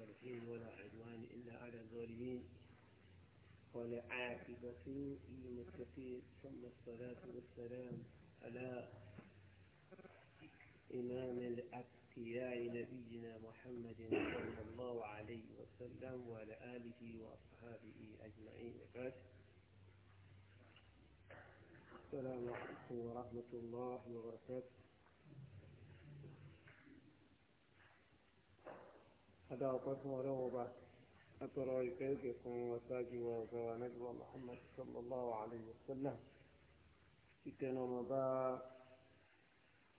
الصالحين ولا عدوان إلا على الظالمين والعاقبة للمتقين ثم الصلاة والسلام على إمام الأتقياء نبينا محمد صلى الله عليه وسلم وعلى آله وأصحابه أجمعين وبعد السلام عليكم ورحمة الله وبركاته adá ọpẹ́ fún ọlọ́run ọba atọrọ ìkẹyìkẹ fún ọsáájú wa ọgá wa nàìjíríà muhammad sallallahu alayhi wa sallam ìtẹnu ọmọ bá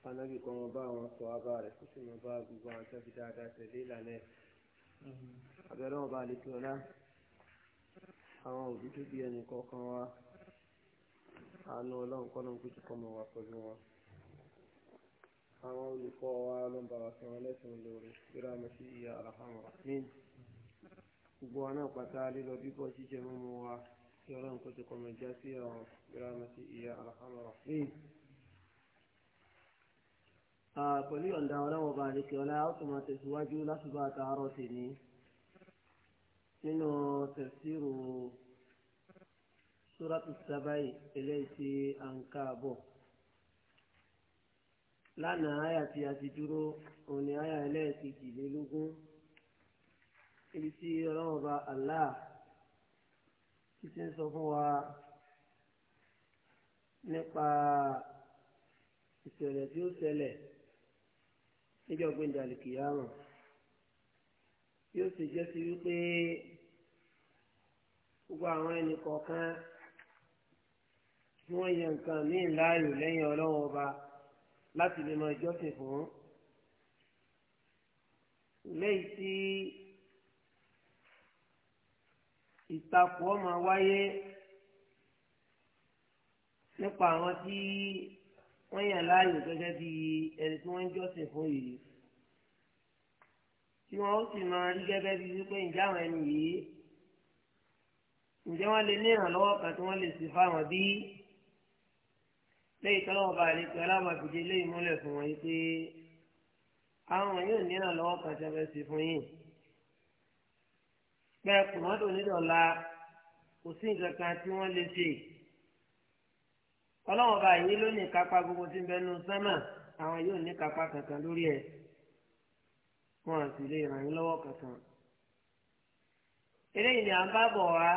anabi kan ọba àwọn sọ abá rẹ kó sì mọ bá gbogbo àwọn tẹbi dáadáa tẹlé ìlànà ẹ abẹ́rẹ́ ọba àlejò ọlá àwọn òbí tó bí ẹnì kọ̀ọ̀kan wa àánú ọlọ́run kọ́nà ń kó jù kọ́ mọ́ wa pẹ̀lú wọn àwọn olùkọ́ wa ló ń bá wa sọ wọn lẹ́sìn lórí ìrà mẹ́sì ìyá àlàfáà wọn ní gbogbo wa náà pátá lílọ bíbọ̀ jíjẹ mímu wa kí ọlọ́run kó ti kọ́mọ já sí àwọn ìrà mẹ́sì ìyá àlàfáà wọn pẹ̀lú ọ̀dà ọlọ́wọ́ bá lè ọlá ó tún máa tẹ̀síwájú lásùbà àtàárọ̀ sí ni nínú tẹ̀síru súrátù sábàì eléyìí tí à ń ká bọ̀ lánàá àyà tí a ti dúró òun ni àyà ẹlẹ́ẹ̀kejìlélógún ibi tí ọlọ́run ọba Allah ti ti ń sọ fún wa nípa ìṣẹ̀lẹ̀ tí ó ṣẹlẹ̀ níjọ́ gbẹ̀ndàlì kìyàmù yóò sì jẹ́ sí wípé gbogbo àwọn ẹnì kọ̀ọ̀kan tí wọ́n yẹ nǹkan míì láàyò lẹ́yìn ọlọ́run ọba láti lè mọ ìjọsìn fún lẹ́yìn tí ìtakò ọmọ wáyé nípa àwọn tí wọ́n yàn láàyò gẹ́gẹ́ bí ẹni tí wọ́n ń jọ́sìn fún yìí tí wọ́n ó sì máa rí gẹ́gẹ́ bí wípé ǹjẹ́ àwọn ẹni yìí ǹjẹ́ wọ́n lè ní ìrànlọ́wọ́ kan tí wọ́n lè sì fáwọn bíi lẹ́yìn tọ́lọ́wọ́ bá àlejò alábàbíjẹ lẹ́yìn múlẹ̀ fún wọn yìí pé àwọn yóò ní ìrànlọ́wọ́ kan tí wọ́n fẹ́ ṣe fún yín bẹ́ẹ̀ kò mọ́tò nídọ̀la kò sí nǹkan kan tí wọ́n lè ṣe ọlọ́wọ́n bá yìí ló ní kápá gbogbo tí ń bẹ nu sánmà àwọn yóò ní kápá kankan lórí ẹ̀ wọn à sì lè ràn yín lọ́wọ́ kankan eléyìí ni à ń bá bọ̀ wá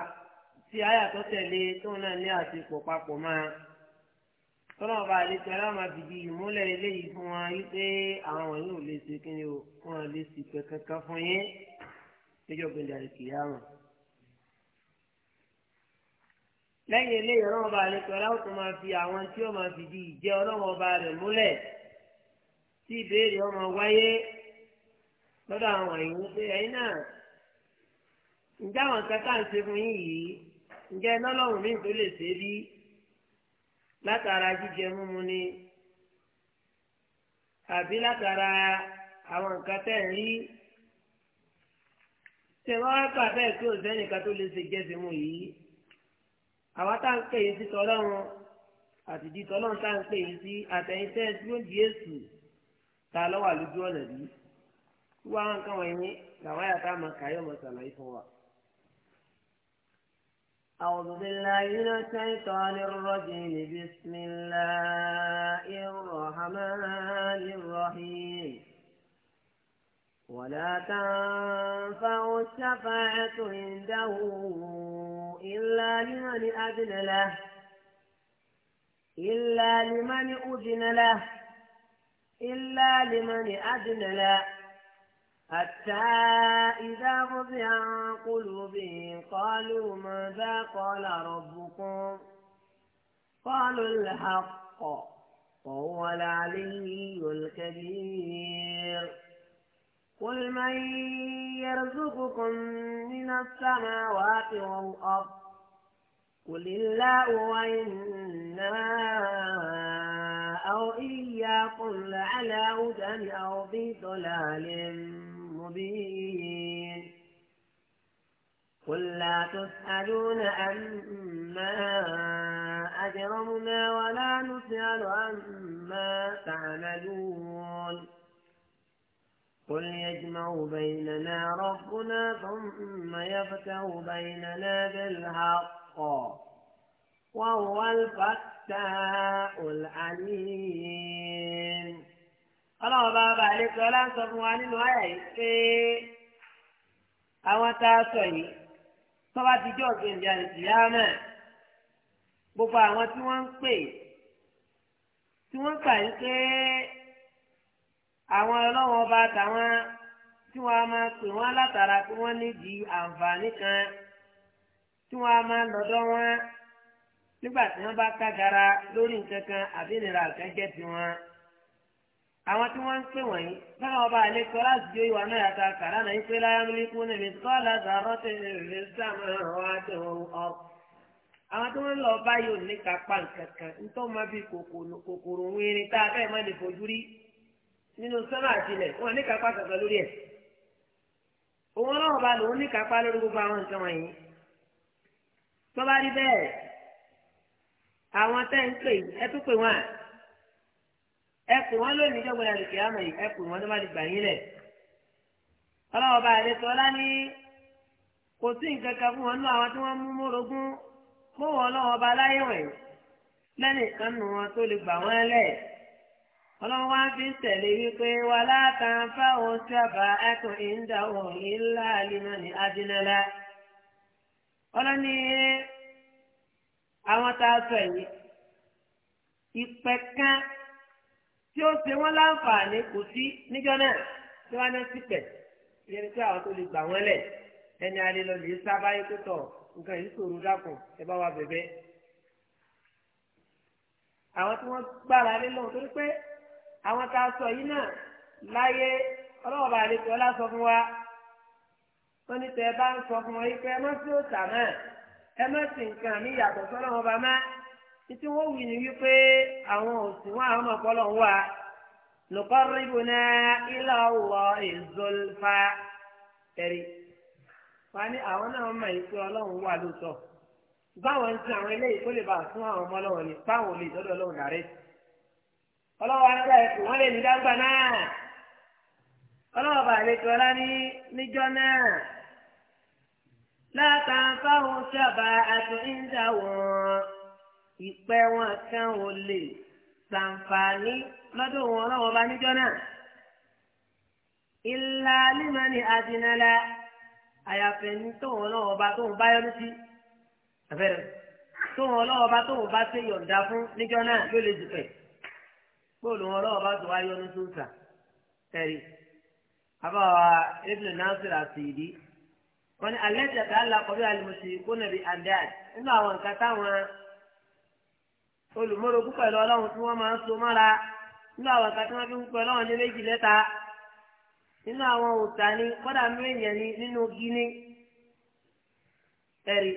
tí àyà tó tẹ̀lé tóun náà ní àṣepọ̀ papọ̀ máa tọ́lọ́ bá lè tẹ́ láwọn àbìdí ìmúlẹ̀ eléyìí fún wa wípé àwọn wọ̀nyí ò lè ṣe kíni o fún wa lè sì pẹ́ kankan fún yín níjọ́ gbẹ̀dẹ̀ àríkìyà wọn. lẹ́yìn eléyìí ọlọ́wọ́ bá lè tọ́ láwọn tó máa fi àwọn tí ó máa fìdí ìjẹ́ ọlọ́wọ́ bá rẹ̀ múlẹ̀ tí ìbéèrè ọmọ wáyé lọ́dọ̀ àwọn wọ̀nyí wípé ẹ̀yin náà ǹjẹ́ àwọn kankan ṣe fún yín yìí ǹjẹ́ lọ́lọ́run látara jíjẹ múmu ni àbí látara àwọn nǹkan tẹ̀ ń rí ṣe wọ́n wá gbà bẹ́ẹ̀ kí òṣèré nìkan tó lè ṣe jẹ́sìn mu yìí àwa tá à ń pè yín sí tọ́lọ́run àti di tọ́lọ́run tá à ń pè yín sí àtẹ̀yìntẹ́ tí ó di èsù ta lọ́wọ́ àlójú ọ̀nà bí wọ́n àwọn nǹkan wọ̀nyí làwọn yàtá máa kàyọ́ mọ̀ sàlàyé fún wa. أعوذ بالله من الشيطان الرجيم بسم الله الرحمن الرحيم ولا تنفع الشفاعة عنده إلا لمن أذن له إلا لمن أذن له إلا لمن أذن له حتى إذا غضي عن قلوبهم قالوا ماذا قال ربكم قالوا الحق وهو العلي الكبير قل من يرزقكم من السماوات والأرض قل الله وإنا أو إياكم لعلى هدى أو في ضلال مبين قل لا تسألون عما أجرمنا ولا نسأل عما تعملون قل يجمع بيننا ربنا ثم يفتح بيننا بالحق وهو الفتاح العليم ọlọ́run bá bá àlejò ọlọ́sọ fún wa nínú àyà yìí pé àwọn tá a sọ yìí tó bá ti jọ ògbìn ìjà ìyá náà gbogbo àwọn tí wọ́n ń pè tí wọ́n ń pà yìí pé àwọn ọlọ́run ọba àtàwọn tí wọ́n á máa pè wọ́n látara pé wọ́n nídìí àǹfààní kan tí wọ́n á máa lọ́dọ̀ wọn nígbà tí wọ́n bá kágara lórí nǹkan kan àbí ìnira kan jẹ́ tiwọn àwọn tí wọ́n ń pè wọ̀nyí náà ọba àlejò láti jó ìwà náà yàtọ̀ àkàrà náà ìpè láyà mílíkù ní mi kọ́ làzàrọ́ tẹ̀ lè sàmà ọ̀rọ̀ àti ọ̀rọ̀. àwọn tí wọ́n ń lọ bá yóò ní kápá nǹkankan nítorí wọ́n bí kòkòrò wírin tá a fẹ́ má lè fojú rí nínú sọ́nà àtìlẹ̀ wọ́n ní kápá kankan lórí ẹ̀. òun náà ọba lòun ní kápá lórí gbogbo àwọn nǹkan wọ̀nyí. tó rí bẹ́ẹ̀ àwọn tẹ́ ń pè ẹ pè wọ́n lónìí ìjọba ìlànà kìámà yìí ẹ pè wọ́n tó má di gbà yín lẹ̀. ọlọ́wọ́ bá àlejò ọlá ní kò sí nǹkan kan fún wọn ní àwọn tí wọ́n mú mórogún kó wọn lọ́wọ́ bá láyé wẹ̀ lẹ́nìkan nù wọn tó lè gbà wọ́n lẹ̀. ọlọ́wọ́ wá fi ń wípé wà látàn fáwọn sábà ẹkùn ìdáwọ̀ ilá àlìmọ́ ní adínẹ́lá. ọlọ́ni àwọn tá a sọ yìí ìpẹ́ tí ó ṣe wọ́n láǹfààní kò sí níjọ́ náà tí wọ́n á ná sípẹ̀ ìyẹn ni pé àwọn tó lè gbà wọ́n lẹ̀ ẹni alẹ́ lọ lè sábà yẹ pé tọ̀ nǹkan yìí ṣòro dákun ẹ bá wa bẹ̀bẹ̀. àwọn tí wọ́n gbára lé lọ́wọ́ torí pé àwọn tá a sọ yìí náà láyé ọlọ́wọ́ bá lè tọ́lá sọ fún wa wọ́n ní tẹ́ ẹ bá ń sọ fún wọn yìí pé ẹ má sí òòtà náà ẹ má sì nǹkan mi yàtọ̀ sọ́lọ́wọ́ bá máa títí wọ́n wí ni wípé àwọn òsì wọn àwọn ọ̀pọ̀lọ̀ ń wà luqarribuna ila Allahi zulfa tẹ̀rí wọn ni àwọn náà mọ̀ yìí pé ọlọ́run wà lóòótọ́ báwọn ń sin àwọn eléyìí kó lè bá fún àwọn ọmọ ni báwọn lè dọ́dọ̀ ọlọ́run dàrẹ́ ọlọ́run arábẹ́ ẹ̀kọ́ wọn lè ní dáńgbà náà ọlọ́run bá lè tọ́ lá ní níjọ́ náà látàǹfààwọn sábà àti ìjà wọn ìpẹ́ wọn kan ò lè ṣàǹfààní lọ́dọ̀ wọn ọlọ́wọ́n bá níjọ́ náà. ìlà límọ̀nì àdínálà àyàfẹ́ ní tóun ọlọ́wọ́n bá tóun bá yọrí sí. àbẹ̀rẹ̀ tóun ọlọ́wọ́n bá tóun bá ṣe yọ̀ǹda fún níjọ́ náà yóò lè dùpẹ̀. bóòlù wọn ọlọ́wọ́n bá tó wá yọnu tó ń sà tẹ̀rí. àbáwá ibùdó náà sì rà sí ìdí. wọ́n ní alẹ́ tẹ̀ka ńlá kọ́ bí alùmùsì kó nàbí àdáàd nínú àwọn nǹkan táwọn olùmọ̀rògún pẹ̀lú ọlọ́run tí wọ́n máa ń so mọ́ra nínú àwọn ìka tí wọ́n fi ọlọ́run ní méjì lẹ́ta nínú àwọn òòtà ni kọ́dà mẹ́yìn ni nínú gíní ẹ̀rí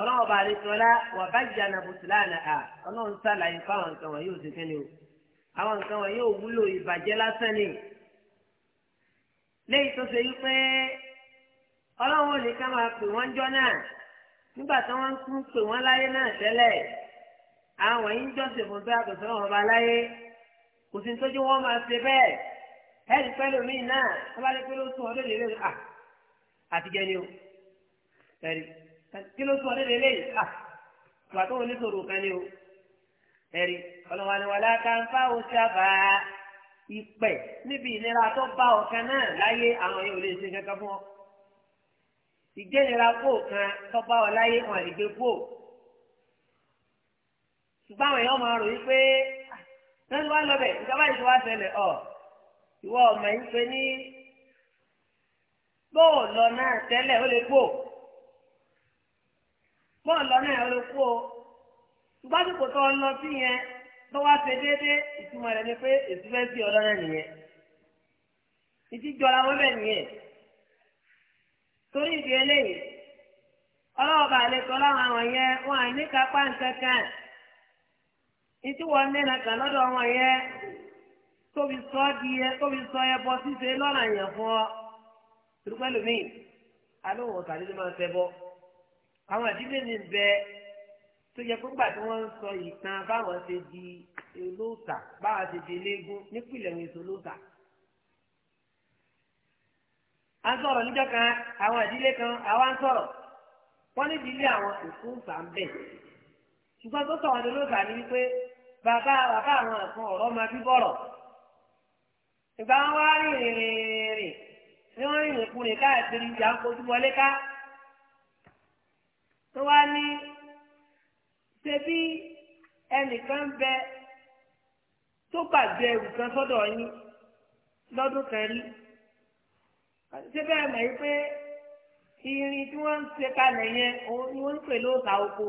ọlọ́run ọba àdìsọ́lá wà bájì ànàbùsùláàna à ọlọ́run sàlàyé fáwọn nǹkan wọn yóò kẹ́ni o àwọn nǹkan wọn yóò wúlò ìbàjẹ́ lásán ni léyìí tó ṣe wípé ọlọ́run ò ní ká máa pè wọ́n jọ náà nígbà tí wọ́n ń pè wọ́n láyé náà tẹ́lẹ̀ àwọn yìí ń jọ́sìn fún tó yàtọ̀ sọ́wọ́n ọba láyé kò sí nítorí wọ́n máa ṣe bẹ́ẹ̀ ẹ̀rí pẹ́lú mi náà wọ́n bá lè pé ló sún ọdún lè lóyún à àtijọ́ ni o ẹ̀rí kí ló sún ọdún lè lóyún à wà tó wọn ní sòrò kan ni o ẹ̀rí ọ̀nàwàlẹ̀wàlẹ̀ akáńfà ó ṣàbà ìpẹ́ níbi ìnira tó bá ọ̀kan náà láyé àwọn yóò lè ṣe kankan fún ọ ìjẹ́nira kó kan tó bá ọ láyé wọn àdìgbé ṣùgbọ́n àwọn èèyàn máa rò pé náà ti lọ́bẹ̀ ìjọba yìí ti wá ọ̀ ìwọ ọmọ yìí pé ní lọ náà tẹ́lẹ̀ ó lè kó bóò lọ náà ó lè kó ṣùgbọ́n tó ń lọ sí yẹn tó wá ṣe ìtumọ̀ ni pé èsì fẹ́ sí ọ̀dọ́ nìyẹn wọn bẹ̀ nìyẹn torí ìdí eléyìí àwọn yẹn wọn nǹkan ìtí wọn na nàkà lọ́dọ̀ wọn yẹ tóbi sọ yẹ tóbi sọ ya bọ ṣíṣe lọ́nà yẹn fún ọ tìrúpẹ́ lómi alóhùn ọ̀tà nínú àwọn mi bẹ tó yẹ kó gbà tí wọ́n sọ ìtàn báwọn ṣe di olóòtà báwọn ṣe di èso olóòtà. a ń sọ̀rọ̀ níjọ́ kan kan àwa ń sọ̀rọ̀ wọ́n ní ìdílé àwọn ṣùgbọ́n tó sọ̀rọ̀ ní lóògbà ni wípé bàbá bàbá àwọn ẹ̀fọn ọ̀rọ̀ máa bí bọ̀rọ̀ ìgbà wọn wá rìn ni wọ́n rìn ìrìnkúrìn káàkiri ìjà ń kojú wọlé ká tó wá ní ṣebí ẹnìkan bẹ tó gbàgbé ẹrù sọ́dọ̀ yín lọ́dún kan rí ṣé bẹ́ẹ̀ mọ̀ pé irin tí wọ́n ń ṣe kalẹ̀ yẹn ni wọ́n ń pè lóòkà oko.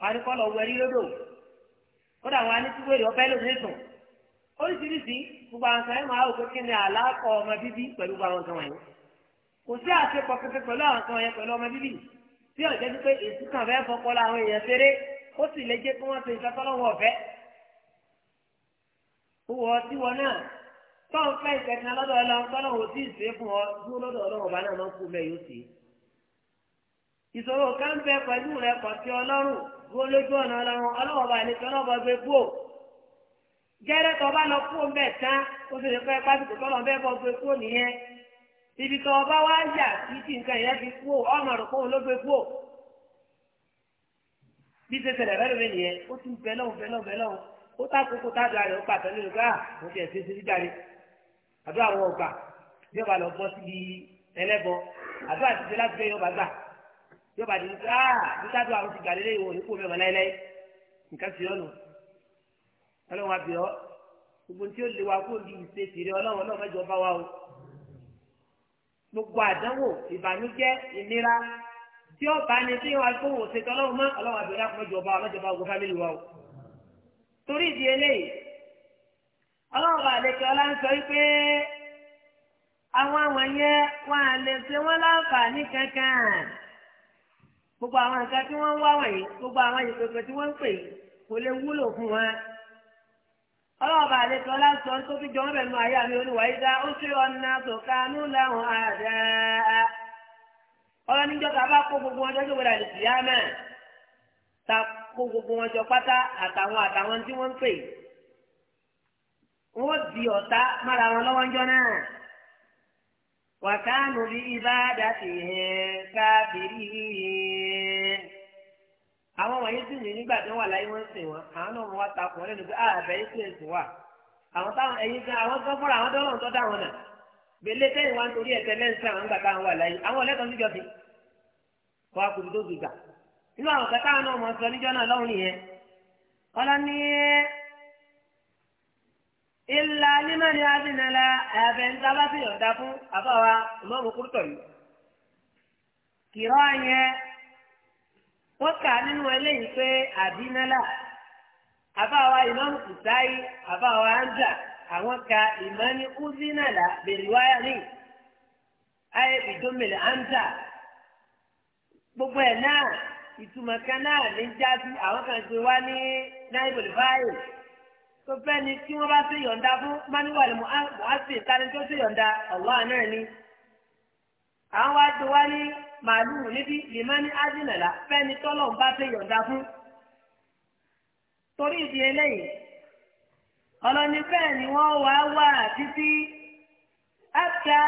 wọn ni kọ́ lọ wẹ̀rí lódò kódà wọn ni tíwèrè ọbẹ̀ lómi sùn oríṣiríṣi gbogbo àwọn kan máa wò pé kí ni àlàkọ ọmọ bíbí pẹ̀lú gbogbo àwọn kan wọ̀nyí kò sí àṣepọ̀ pẹ̀pẹ̀ pẹ̀lú àwọn kan wọ̀nyẹn pẹ̀lú ọmọ bíbí tí ọ̀jẹ́ ti pé èsì kan fẹ́ fọpọ́ la àwọn èèyàn ṣeré ó sì lè jẹ́ kí wọ́n ṣe ìfẹ́tọ́lọ́wọ́ ọ̀fẹ́ wọ tiwọ náà tọ́wọ́ fẹ́ ìkẹta lọ́dọ̀ ọlọ́run tọ́lọ́wọ́ tí ì ṣe fún ọ dúró lọ́dọ̀ ọlọ́run ọba náà máa ń kú mẹ́ yóò ṣe ìṣòro kan bẹ pẹ̀lú rẹ kọ̀ sí ọlọ́run dúró lójú ọ̀nà ọlọ́run ọlọ́run bá nìkan náà bá gbé kúò gẹ́rẹ́ tó bá lọ kúò mbẹ́ tán ó sì lè pẹ́ pásítọ̀ tọ́lọ̀ bẹ́ẹ̀ bọ́ gbé kúò nìyẹn ibi tó bá wá yà sí ti nǹkan ìyẹn fi kúò ọmọ rẹ̀ kóun ló gbé kúò bí ṣe ṣẹlẹ̀ bẹ́ẹ̀ lómi nìyẹn ó ah, ti bẹ́lọ̀ bẹ́lọ̀ bẹ́lọ̀ ó tákòókò tájọ àrẹ ó pàtó nínú gbà ó ti ẹ̀sìn síbi jáde àdúrà wọn ọgbà bí ọba lọ bọ́ síbi ẹlẹ́bọ àdúrà ti ṣe láti fẹ́ yọba yóò bá di ah, ní aa bí ká tó àwọn ti gbàdé lé ìwọ oníkó mẹ́wàá láéláé nǹkan fi ọ́nù ọlọ́run wa bì ọ́ gbogbo tí ó lè wa kó di ìṣe tìrẹ ọlọ́run ọlọ́run mẹ́jọ bá wa o gbogbo àdánwò ìbànújẹ́ ìnira tí ó bá ní tí wọn kó wò ṣe tọ́lọ́run mọ́ ọlọ́run àbí ọlọ́run mẹ́jọ bá wa mẹ́jọ bá wa fámìlì wa o torí ìdí eléyìí ọlọ́run bá lè kẹ́ ọlá ń sọ wípé àwọn àwọn yẹn wọn à lè ṣe wọn láǹfààní kankan gbogbo àwọn nǹkan tí wọ́n ń wá wọ̀nyí gbogbo àwọn ìpèpè tí wọ́n ń pè yìí kò lè wúlò fún wọn. ọlọ́ọ̀bà àlejò ọlásọ tó fi jọ wọn bẹ̀rù àyà mi oníwàyí dá ó ṣe ọ̀nà tòkánú láwọn àdá. ọlọ́ni ìjọba bá kó gbogbo wọn jọjọ́ wẹ̀rẹ̀ àlejò yá mẹ́ ta kó gbogbo wọn jọ pátá àtàwọn àtàwọn tí wọ́n ń pè. wọ́n di ọ̀tá mára wọn lọ́wọ́ ń jọ náà. وكانوا بعبادتهم كافرين àwọn wọ̀nyí sì ní nígbà tí wọ́n wà láyé wọ́n ń sìn wọ́n àwọn náà wọ́n wá takùn wọn lẹ́nu pé ah, àbẹ̀ yìí si ń sìn wà àwọn táwọn ẹ̀yin gan àwọn tó fúnra ìlà nímọ̀ ni abínala ẹ̀fẹ̀ ń sábà fi yọ̀ǹda fún àbáwa ìmọ̀mù kúrútọ̀ yìí. kìrọ̀ yẹn wọ́n kà nínú eléyìí pé àbínala àbáwa ìmọ̀mù kùsáyì àbáwa ánjà àwọn ka ìmọ̀ni uzinala bèrìwáyà ní ayé ìdómìlì ánjà gbogbo ẹ̀ náà ìtumọ̀ kan náà ní jáde àwọn kan ti wá ní náírà báyìí tó fẹ́ ni tí wọ́n bá ṣe yọ̀ǹda fún manuwal muhammed ah, tani tó ṣe yọ̀ǹda allah náà ni àwọn wá tó wá ní màálù níbi limani adinala fẹ́ni tọ́lọ̀ ń bá ṣe yọ̀ǹda fún torí ìdí eléyìí ọlọ́ni bẹ́ẹ̀ ni wọ́n wá wà títí aka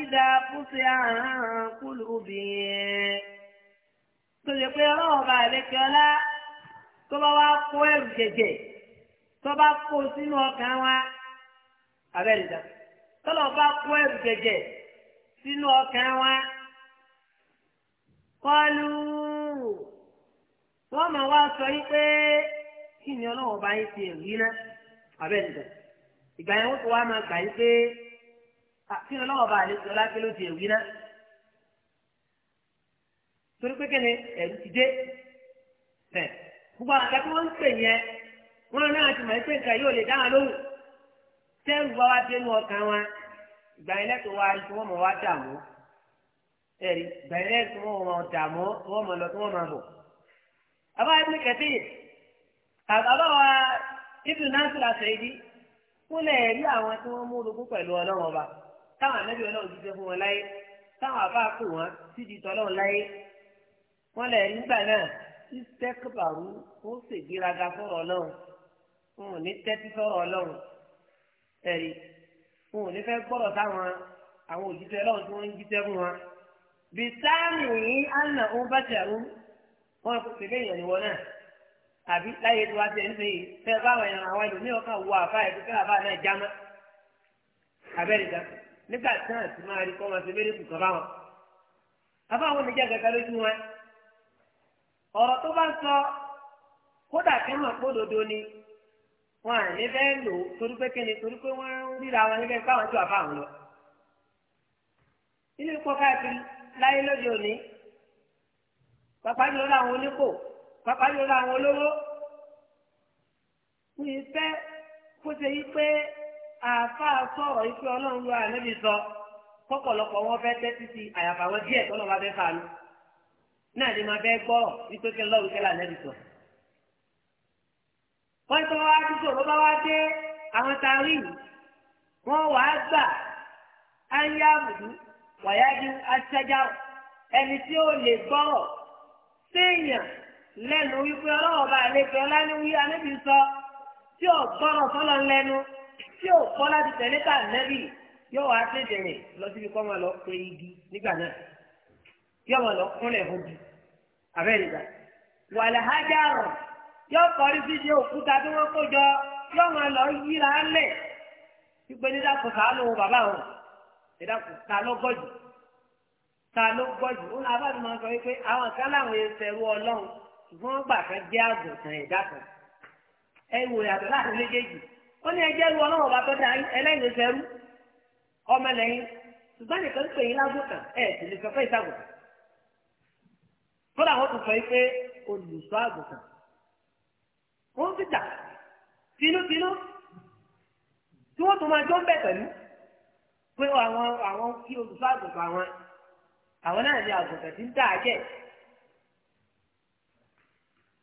ìdá fúnṣe àrùn kúlù obìnrin tó lè pe ọlọ́wọ́ bá àlékè ọlá tó bá wá kó ẹrù jẹjẹ. tọba kó sínú ọkàn wa abẹ́rẹ́dà tọ́lọ̀ kó ẹ̀rù jẹjẹ sínú ọkàn wa kọlu wọ́n máa wá sọ yí pé kí ni ọlọ́wọ́ bá yín ti ẹ̀rù yín ná ìgbà yẹn wọ́n tó wá máa gbà pé kí ni ọlọ́wọ́ bá àlejò wọn náà ti mọ̀ pé nǹkan yóò lè dá wọn lóhùn tẹ́rù bá wá dénú ọkàn wa ìgbà yẹn lẹ́tọ̀ wá tí wọ́n mọ̀ wá dààmú ẹ̀rí ìgbà yẹn lẹ́tọ̀ wọ́n mọ̀ dààmú wọ́n mọ̀ lọ tí wọ́n mọ̀ bọ̀. àbá ẹni kẹfì àbá wa ibùdó náà sì làṣẹ ìdí kúnlẹ̀ rí àwọn tí wọ́n mú orogún pẹ̀lú ọlọ́run ọba táwọn anábì ọlọ́run ti jẹ́ fún wọn láyé táwọn àbá pè wọ́n síbi tọ́lọ́run láyé wọ́n lẹ̀ nígbà náà tí sẹ́kùbàrú ó ṣègbéraga fọ́rọ̀ ọlọ́run wọn ò ní tẹ́tí sọ̀rọ̀ ọlọ́run ẹ̀rí wọn ò ní fẹ́ gbọ́dọ̀ táwọn àwọn òjíṣẹ́ ọlọ́run tí wọ́n ń jíṣẹ́ fún wọn. bìtáàmì yìí àna òun bá ṣe àrùn wọn kò sì léèyàn níwọ náà àbí láyé tí wàá tiẹ̀ ń sè é fẹ́ báwọn ẹ̀ràn àwọn ẹlòmíràn kan wọ àfa ẹ̀ fífẹ́ àfa náà jámá abẹ́rẹ́dá nígbà tí wọ́n ti máa rí kọ́ wọn ṣe méjì kù kọ́ báwọn. àfa àwọn oníjẹ́ kẹ̀kẹ́ lójú wọn ọ̀rọ̀ tó bá sọ kódà kí wọ́n pọ̀ dodo ni wọn à ní bẹ́ẹ̀ lò torí pé kíni torí pé wọ́n ń ríra wọn níbẹ̀ káwọn tó àbá wọn lọ. nínú ikú káàkiri láyé lóde òní pàpájọ́ làwọn oníkò pàpájọ́ làwọn olówó ní ìfẹ́ kó ṣe yí pé àáfàá sọ̀rọ̀ ìfẹ́ ọlọ́run ló ànábì sọ kọ́pọ̀lọpọ̀ wọn fẹ́ tẹ́tí sí àyàfà wọn díẹ̀ tọ́lọ́ bá fẹ́ fà á lọ náà ni máa fẹ́ gbọ́ ìpè kí n lọ́rùú kẹ́lá ànábì sọ̀rọ̀. wọ́n tó wá dúdú ló bá wá dé àwọn tààrí wọ́n wà á gbà á ń yá àbùdú wàyájú aṣájá ẹni tí ó lè gbọ́rọ̀ séèyàn lẹ́nu wípé ọlọ́wọ́ bá wí sọ tí gbọ́rọ̀ lẹ́nu tí kọ́ láti tẹ̀lé nẹ́bì yóò wá lọ síbi kọ́ máa lọ pé igi nígbà náà yóò bi ìgbà wàlẹ̀ hájà rọ̀. yóò kọrí síbi òkúta tí wọ́n kó jọ yóò máa lọ yíra lẹ̀ gbígbé ní dàpọ̀ sáà ló wọ bàbá wọn ìdàpọ̀ ta ló gbọ́jù ta ló gbọ́jù ó ní abáàdì máa sọ wípé àwọn kan láwọn ẹsẹ̀rú ọlọ́run ṣùgbọ́n wọ́n gbà kan jẹ́ àgùntàn ẹ̀dá kan ẹ wò yàtọ̀ láti méjèèjì ó ní ẹjẹ́ ru ọlọ́run ọba tó dá ẹlẹ́yìn ẹsẹ̀rú ọmọ lẹ́yìn ṣùgbọ́n nìkan ń pè yín lágùntàn ẹ̀ sì lè sọ pé ìsàgùntàn kódà wọ́n tún sọ wípé olùsọ àgùntàn wọ́n ti jà tinútinú tí wọ́n tún máa jọ ń bẹ̀ pẹ̀lú pé àwọn àwọn kí olùfọ́ àgùntàn àwọn àwọn náà ní àgùntàn tí ń dà á jẹ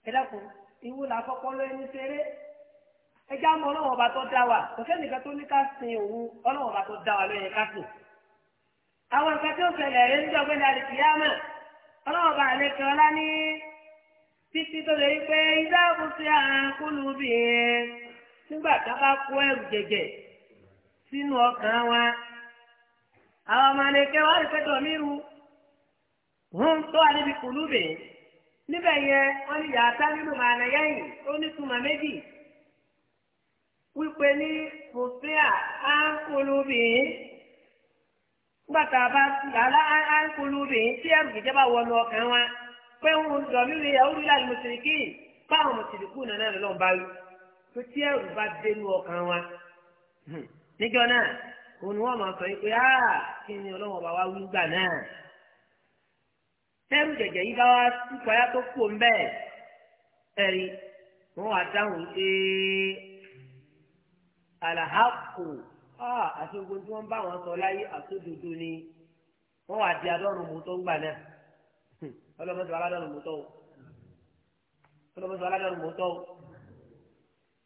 ẹ dákun ìwú la kọ́kọ́ lọ ẹni ṣeré ẹjẹ́ àmọ́ ọlọ́wọ́n ọba tó dá wa kò sẹ́nìkan tó ní ká sin òun ọlọ́wọ́n ọba tó dá wa lóye ká sìn. àwọn nǹkan tí ó ṣẹlẹ̀ rẹ̀ ń jọ pé ní alìkìyámà ọlọ́wọ́n ọba àlekè ọlá ní títí tó lè pé ìdáàbò sí àkúlù bì í nígbà tá a bá kó ẹrù jẹjẹ sínú ọkàn wa àwọn ọmọ àlekẹ wa rí pẹtọ mírù hún tó wà níbi kùlù bì í níbẹ̀ yẹn wọ́n ní yàtá nínú màánà yẹ́yìn ó ní túmọ̀ méjì wípé ní bùsíà àkúlù bì nígbà tá a bá àkúlù bì í tí ẹrù jẹjẹ bá wọnú ọkàn wa pé òun dọ̀mí rẹ̀ ó rí láti mùsùlùmí báwọn mùsùlùmí náà náà lọ́n bá rí tó tí ẹ̀rù bá dénú ọkàn wa níjọ náà òun ni wọ́n máa sọ pé á kí ni ọlọ́wọ́n bá wá wí gbà náà tẹ́rù jẹ̀jẹ̀ yìí bá wá sípayá tó kú ń bẹ́ẹ̀ ẹ̀rí wọ́n wá dáhùn pé àlàhàkù àti ogun tí wọ́n bá wọn sọ láyé àtòdodo ni wọ́n wá di adọ́rùn-ún gbà náà ọlọ́mọdé aládàrú mọ́tọ́ o ọlọ́mọdé aládàrú mọ́tọ́ o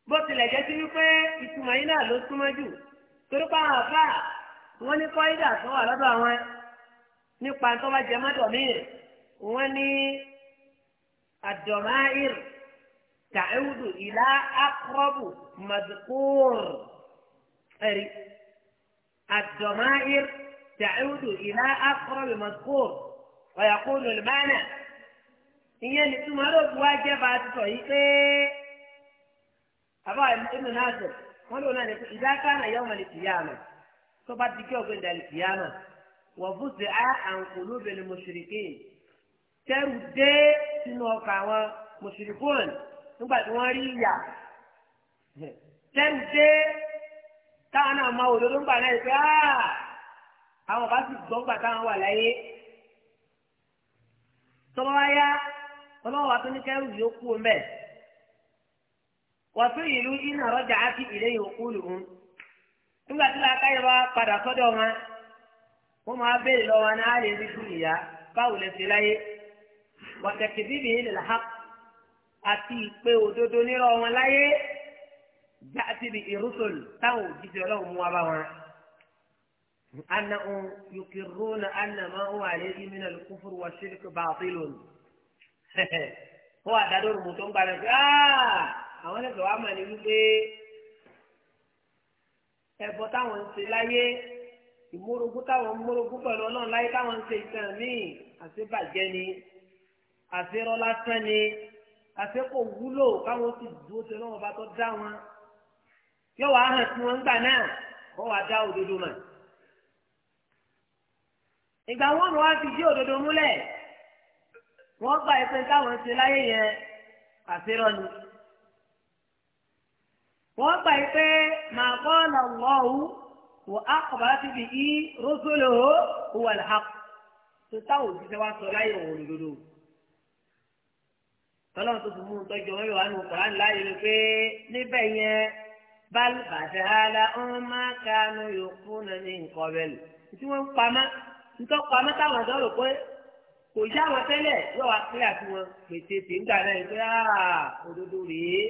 bó tilẹ̀ jẹ́ sí wípé ìtumọ̀ yín náà ló súnmọ́ jù torí pa àwọn àfà wọ́n ní kọ́ídà tó wà lọ́dọ̀ àwọn nípa tó bá jẹ mọ́tò míì wọ́n ní àdọ̀máìr tàìwùdù ìlà àkọ́bù màdùkúr ẹ̀rí àdọ̀máìr tàìwùdù ìlà àkọ́bù màdùkúr ọ̀yàkùn olùmọ́nà ìyẹn ní túmọ̀ lóògùn wá jẹ́ bá a ti sọ yìí pé àbá ìmú náà sọ wọn lòun náà ní ìdáká náà yọ ọmọ lè tìyà àmà tó bá ti kí ọgbẹ́ ìdá lè tìyà àmà wọ́n bú ti á àǹkó lóbìnrin mùsùlùkì tẹ́rù dé sínú ọkọ̀ àwọn mùsùlùkùn nígbà tí wọ́n rí ìyà tẹ́rù dé táwọn náà máa wò lórí ńgbà náà yìí pé àwọn bá ti gbọ́ ńgbà táwọn wà láyé tọ́ba wá yá ọlọ́wọ́ wa tó ní kẹ́rù yìí ó kú ọmọ ẹ̀ wọ́n tún ìlú iná rọ́jà á fi ìlé yìí òkú lù ún nígbà tí làákà yẹn bá padà sọ́dọ̀ wọn wọ́n máa béèrè lọ́wọ́ ní àlè bí fún ìyá báwo lè fi láyé wàtẹ̀kì bíbí yìí lè àti ìpè òdodo nírọ̀ wọn láyé já ti ìrúsọ̀lù táwọn òjijì ọlọ́run mú wa bá wọn. أنهم يقرون أن ما هو عليه من الكفر والشرك باطل هو دادور متون بعد آه أنا كوا ما نقول ẹbọ táwọn ń ṣe láyé ìmúrogún táwọn ń múrogún pẹ̀lú ọlọ́run láyé táwọn ń ṣe ìtàn míì àṣebàjẹ́ ni àṣerọ́ lásán ni àṣe kò wúlò káwọn sì dúró ṣe lọ́wọ́ bá tó dá wọn yóò wá hàn tí wọ́n ń gbà náà wọ́n wá dá òdodo mọ̀ ìgbà wọn mọ wá fi dí òdodo múlẹ̀ wọ́n gbà ẹsẹ̀ táwọn ṣe láyé yẹn àṣírọ́ ni wọ́n gbà yí pé màá kọ́ ọ̀nà wọ́ọ̀hún wọ́n á kọ̀bá ti fi í rọ́sọ́lọ́ wọ́n lè ha tó táwọn òṣìṣẹ́ wa sọ láyé òun òdodo tọ́lọ́run tó fi mú un tọ́jú ọ̀rọ̀ àánú kọ̀ọ̀án láyé ló pé níbẹ̀ yẹn bàtà àlà ọ̀hún máa yòókù náà ní tí wọ́n ń pamọ́ ntọ́kọ amẹ́tàwọn ọ̀dọ́ rò pé kò yá wọn tẹ́lẹ̀ yóò wá sílẹ̀ àti wọn pèsè tèǹgà náà pé ah, òdodo rèé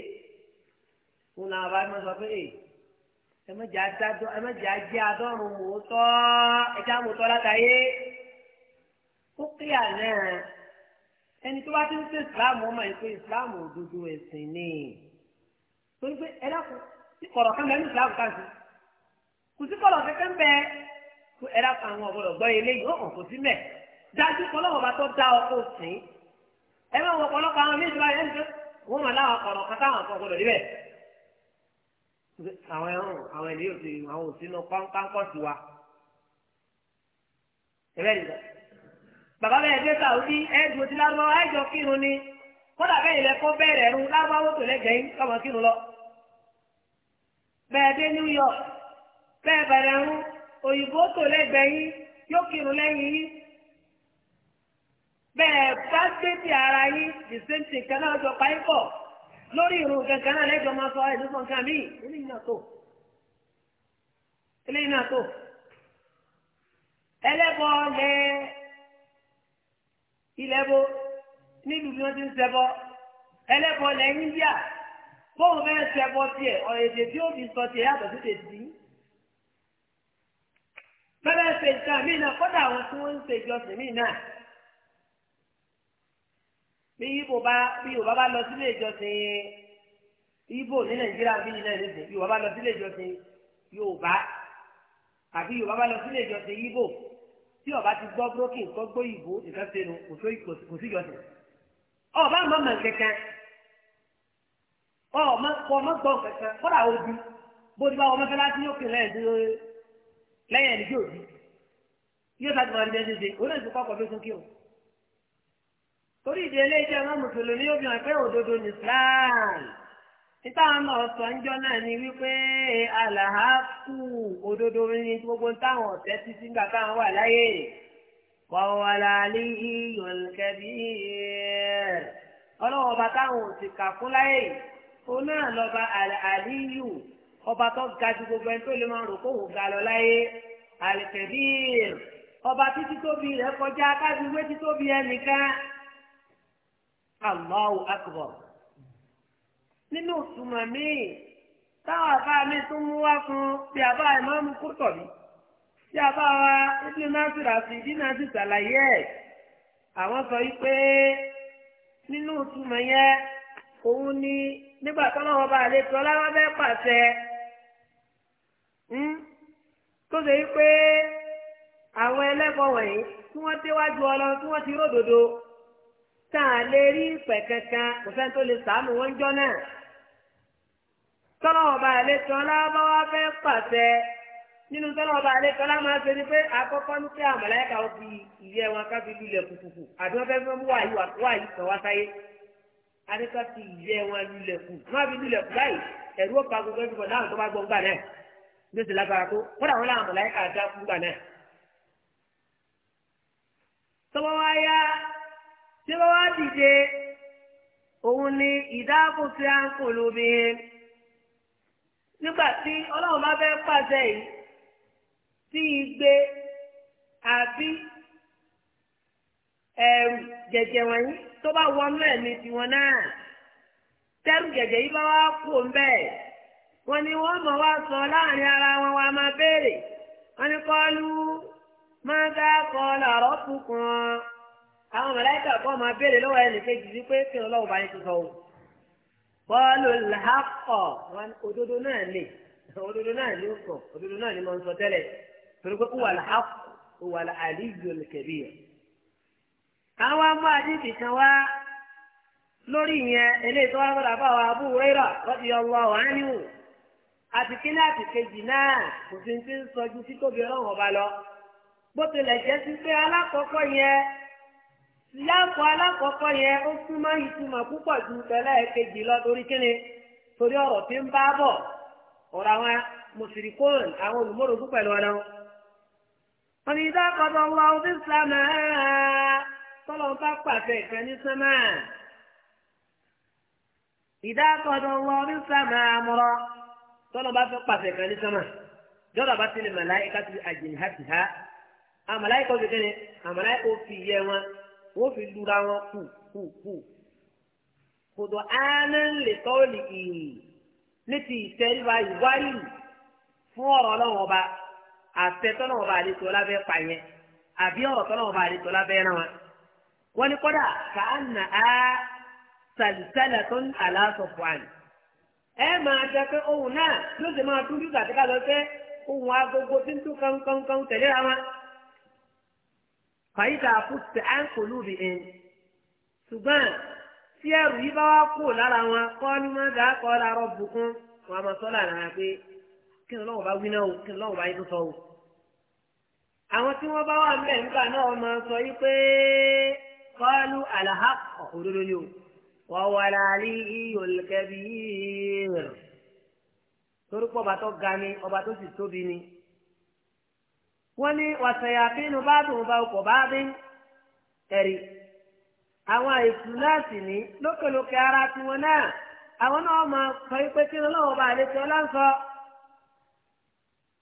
wọn làwọn bá mọ sọ pé ẹ mẹjẹ ajé adọ́run mò ń tọ́ ẹjẹ amòtọ́ látàyé ó kíyà náà ẹni tó bá ti ń ṣe ìsìláàmù ọmọ yìí pé ìsìláàmù òdodo ẹ̀sìn ni torí pé ẹ dákun kọ̀rọ̀ kan bẹ́ẹ̀ ní ìsìláàmù kan sí kùsí kẹ́kẹ́ ń bẹ́ẹ̀ ẹ̀rá kan àwọn ọ̀gbọ́dọ̀ gbọ́ eléyìí ọ̀hún kò sí mẹ́ dájú kọlọ́wọ́ bá tó dá ọkọ̀ sí ẹ bá wọ ọ̀pọ̀lọpọ̀ àwọn méjì báyẹn ń tó wọ́n mọ̀ láwọn ọ̀rọ̀ kátà àwọn ọ̀kan gbọ́dọ̀ níbẹ̀. àwọn ẹ̀hún àwọn ènìyàn ti àwọn òsínú kánkọ́ sí wa. ẹ̀rẹ́ ìgbà bàbá bẹ́ẹ̀ dé sàwùdí ẹ̀ẹ́dùn ti lárúbáwá ẹ̀jọ kírun ni kódà bẹ́ẹ̀ ilẹ̀ kọ́ bẹ́ẹ̀ rẹ̀ rún lárúbáwá tó lẹ́gẹ̀ẹ́ yín káwọn kírun lọ. bẹ́ẹ̀ òyìnbó tò lẹ́gbẹ̀ẹ́ yín yóò kírun lẹ́yìn yín bẹ́ẹ̀ bá tètè ara yín the same thing kan náà jọ páyín pọ̀ lórí irun kankan náà lẹ́jọ́ máa sọ ẹ̀dùn kankan míì eléyìí náà tó eléyìí náà tó ẹlẹ́bọ lẹ ilẹ̀bọ nílùú bí wọ́n ti ń ṣẹbọ ẹlẹ́bọ lẹ India bóun fẹ́ ṣẹbọ tiẹ̀ ọ̀rẹ́dẹ̀ tí ó fi sọ tiẹ̀ yàtọ̀ sí tètè bẹ́ẹ̀ ṣe nǹkan mí náà kódà àwọn tí wọ́n ń ṣe ìjọsìn mí náà bí ibo bá bí yorùbá bá lọ sílé ìjọsìn ibo ní nàìjíríà bí ní náà nìyẹn yorùbá bá lọ sílé ìjọsìn yorùbá àbí yorùbá bá lọ sílé ìjọsìn ibo tí ọba ti gbọ́ brokin kọ́ gbọ́ ìbò nǹkan ṣe kò sí ìjọsìn ọba àmọ́ mọ̀ kankan ọmọ gbọ́ kankan kódà òbí bó ti bá ọmọ fẹ́ láti yókè lẹ́yìn lẹ́yìn ẹni tí ò di yóò sáà ti máa ń dẹ́ ṣíṣe òun náà ti kọ́ ọkọ̀ tó sún kí o. torí ìdí eléyìí jẹ́ àwọn mùsùlùmí ó fi hàn pé òdodo ní Islam níta àwọn ọ̀sọ̀ ńjọ́ náà ni wípé àlàáfù òdodo ní gbogbo táwọn ọ̀tẹ́ títí nígbà táwọn wà láyé kọ̀wàlà ní iyọ̀nkẹ́bí ọlọ́wọ́ bàtà òun ti kà fún láyé òun náà lọ́ba àlàáfù ọba tó ga ju gbogbo ẹni tó lè máa rò kó wò ga lọ láyé àlìkẹ̀bíir ọba títí tóbi rẹ̀ kọjá kájúwé títóbi ẹnìkan Allahu akbar nínú ìtumọ̀ míì táwọn àbá mi tún mú wá fún bí àbá ìmọ̀ọ́mù kó tọ̀bí tí àbá wa ibi násìrà sí ibi náà sì ṣàlàyé ẹ̀ àwọn sọ yìí pé nínú ìtumọ̀ yẹn òun ni nígbà tó lọ́wọ́ bá àlejò ọlá wọn pàṣẹ. Hmm? tó ṣe pé àwọn ẹlẹ́kọ̀ọ́ wọ̀nyí tí wọ́n déwájú ọlọ́run tí wọ́n ti ródòdó tá a lè rí pẹ̀ kankan kò sẹ́ni tó lè sàánù wọn jọ náà tọ́lọ́wọ́ bá ilé tọ́lá bá wá fẹ́ pàṣẹ nínú tọ́lọ́wọ́ bá ilé tọ́lá máa ṣe ni pé akọ́kọ́ ní pé àmàlẹ́kà ó fi ìyẹ́ wọn ká fi lulẹ̀ kùkùkù àbí wọ́n fẹ́ fẹ́ mú wàyí wàyí kan wá sáyé adéka fi ìyẹ́ wọn lulẹ̀ kù má fi lulẹ̀ kù báyìí ẹ̀rú ọ̀pá gbogbo ẹ̀dùnkọ̀ náà tó bá gbọ́ ńgbà náà bí ó ti lágbára tó kódà wọn làwọn mọ̀láyíkà dá fún gbà náà. tọ́wọ́ wá yá tí wọ́n wá dìde òun ni ìdáàbò tí a ń kò lómi nígbà tí ọlọ́run bá fẹ́ pàṣẹ yìí tí igbe àbí ẹ̀rù jẹ̀jẹ̀ wọ̀nyí tó bá wọnú ẹ̀mí tiwọn náà tẹ́rù jẹ̀jẹ̀ yìí bá wá kú òun bẹ́ẹ̀ wọ́n ní wọ́n mọ̀ wá sọ láàrin ara wọn wá máa béèrè wọ́n ní kọ́lù máa dá kọ́ làárọ̀ fún kan àwọn mọ̀láìkà kọ́ máa béèrè lọ́wọ́ ẹnì kejì sí pé kí ọlọ́wọ́ bá yín ti sọ o. bọ́ọ̀lù làákọ̀ òdodo náà lè òdodo náà ní sọ òdodo náà ní mọ̀ ń sọ tẹ́lẹ̀ torí pé kó làákọ̀ wà làálíjò kẹ̀bí yẹn. àwọn amú àdìsí kan wá lórí ìyẹn eléyìí tó wá gbọ́dọ̀ àti kíní àti kejì náà kò sí ti ń sọjú sí tóbi ọlọ́run ọba lọ bó tilẹ̀ jẹ́ sí pé alákọ̀ọ́kọ́ yẹn síyáàpọ̀ alákọ̀ọ́kọ́ yẹn ó súnmọ́ ìtumọ̀ púpọ̀ ju tẹ́lẹ̀ kejì lọ torí kíni torí ọ̀rọ̀ tí ń bá bọ̀ ọ̀rọ̀ àwọn mùsùlùmí àwọn olùmọ̀ròkú pẹ̀lú ọ̀nà wọn ni dákọ̀dọ̀ wọ ọdún sàmà tọ́lọ́ bá pàṣẹ ìfẹ́ tọ́lọ́ bá fẹ́ pàṣẹ kan ní sọ́mà jọ́dọ̀ bá ti lè màláìka ti àjìnì ha ti ha àmàláìka ó ti kẹ́ni àmàláìka ó fi yẹ wọn wọ́n fi lura wọn kù kù kù kòtò àánú lè tọ́ lè ìyìn ní ti ìtẹ́ríba ìwárí fún ọ̀rọ̀ ọlọ́wọ́n ọba àtẹ tọ́lọ́wọ́n ọba àlejò ọlábẹ́ pààyàn àbí ọ̀rọ̀ tọ́lọ́wọ́n ọba àlejò ọlábẹ́ rán wọn. wọ́n ní kọ́dà kàánà á sàlìsàlà tó ń àná ẹ máa jẹ pé ohun náà yóò ṣe máa dúdú tàbí ká lọ pé ohun agogo tí ń tún kánkánkán tẹ̀léra wọn. fàyíta àkùtì à ń kò lóbi ẹn ṣùgbọ́n tí ẹrù yìí bá wá kú lára wọn kọ́ ni wọ́n dà kọ́ lárọ́ bùkún wọn a máa sọ́ lára wọn pé kí ni lọ́wọ́ bá wí náà o kí ni lọ́wọ́ bá yín tó sọ o. àwọn tí wọ́n bá wà ń bẹ̀ nígbà náà máa sọ yí pé kọ́lù àlàhà òdodo ni o. وهو العلي الكبير torúkọ ọba tó ga ni ọba tó sì tóbi ni wọn ní wàsàyàfínú bá dùn bá ọkọ bá bí ẹrí àwọn èsù náà sì ní lókèlókè ara tiwọn náà àwọn náà máa sọ wípé kí ni ọlọ́wọ́ bá àlejò ọlọ́sọ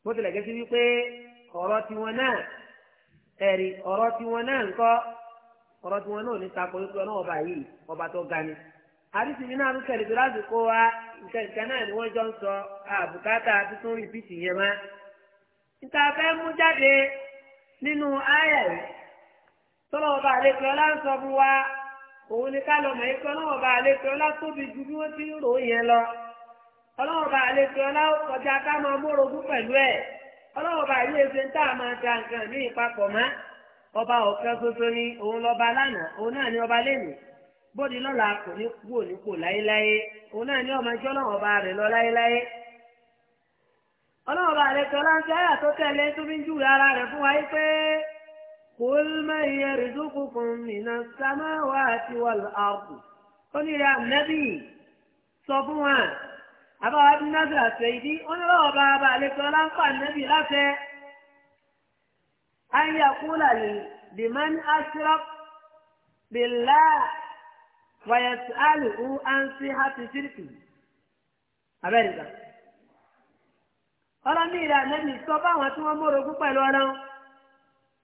bó tilẹ̀ gẹ́sí wípé ọ̀rọ̀ tiwọn náà ẹ̀rí ọ̀rọ̀ tiwọn náà ń kọ́ ọ̀rọ̀ tí wọn náà ní takò wípé ọlọ́wọ́ ọba yìí ọba tó ga ni. àdìsí náà ló tẹ̀lé pé lásìkò wa nǹkan náà ni wọ́n jọ ń sọ àbùkátà tuntun rìpíìtì yẹn mọ́. níta mú jáde nínú ayẹ̀ rẹ̀ ọba wa òun ni ká lọ mọ̀ pé ọba ju bí wọ́n ti ń rò yẹn lọ. ká máa ọba ọ̀kan tuntun ni òun lọ́ba lánàá òun náà ni ọba lẹ́nu bóde lọ́la kò ní kúrò nípò láéláé òun náà ni ọmọ ẹjọ́ náà ọba rẹ̀ lọ láéláé. ọlọ́run ọba rẹ̀ tọ́lá ń ṣe àyà tó tẹ̀lé tó fi ń júwe ara rẹ̀ fún wa yí pé kul man yarzuqukum minas samawati wal ardi. ó ní ìrẹ́ àmì sọ fún wa àbáwá bí nàbì àṣẹ ìdí ó ní ọlọ́run ọba rẹ̀ tọ́lá ń pa أن يقول لي لمن أشرك بالله ويسأله عن صحة شركه أبدا ọ̀rọ̀ mi ìrà lẹ́nu sọ fáwọn tí wọ́n mórogún pẹ̀lú ọ̀rọ̀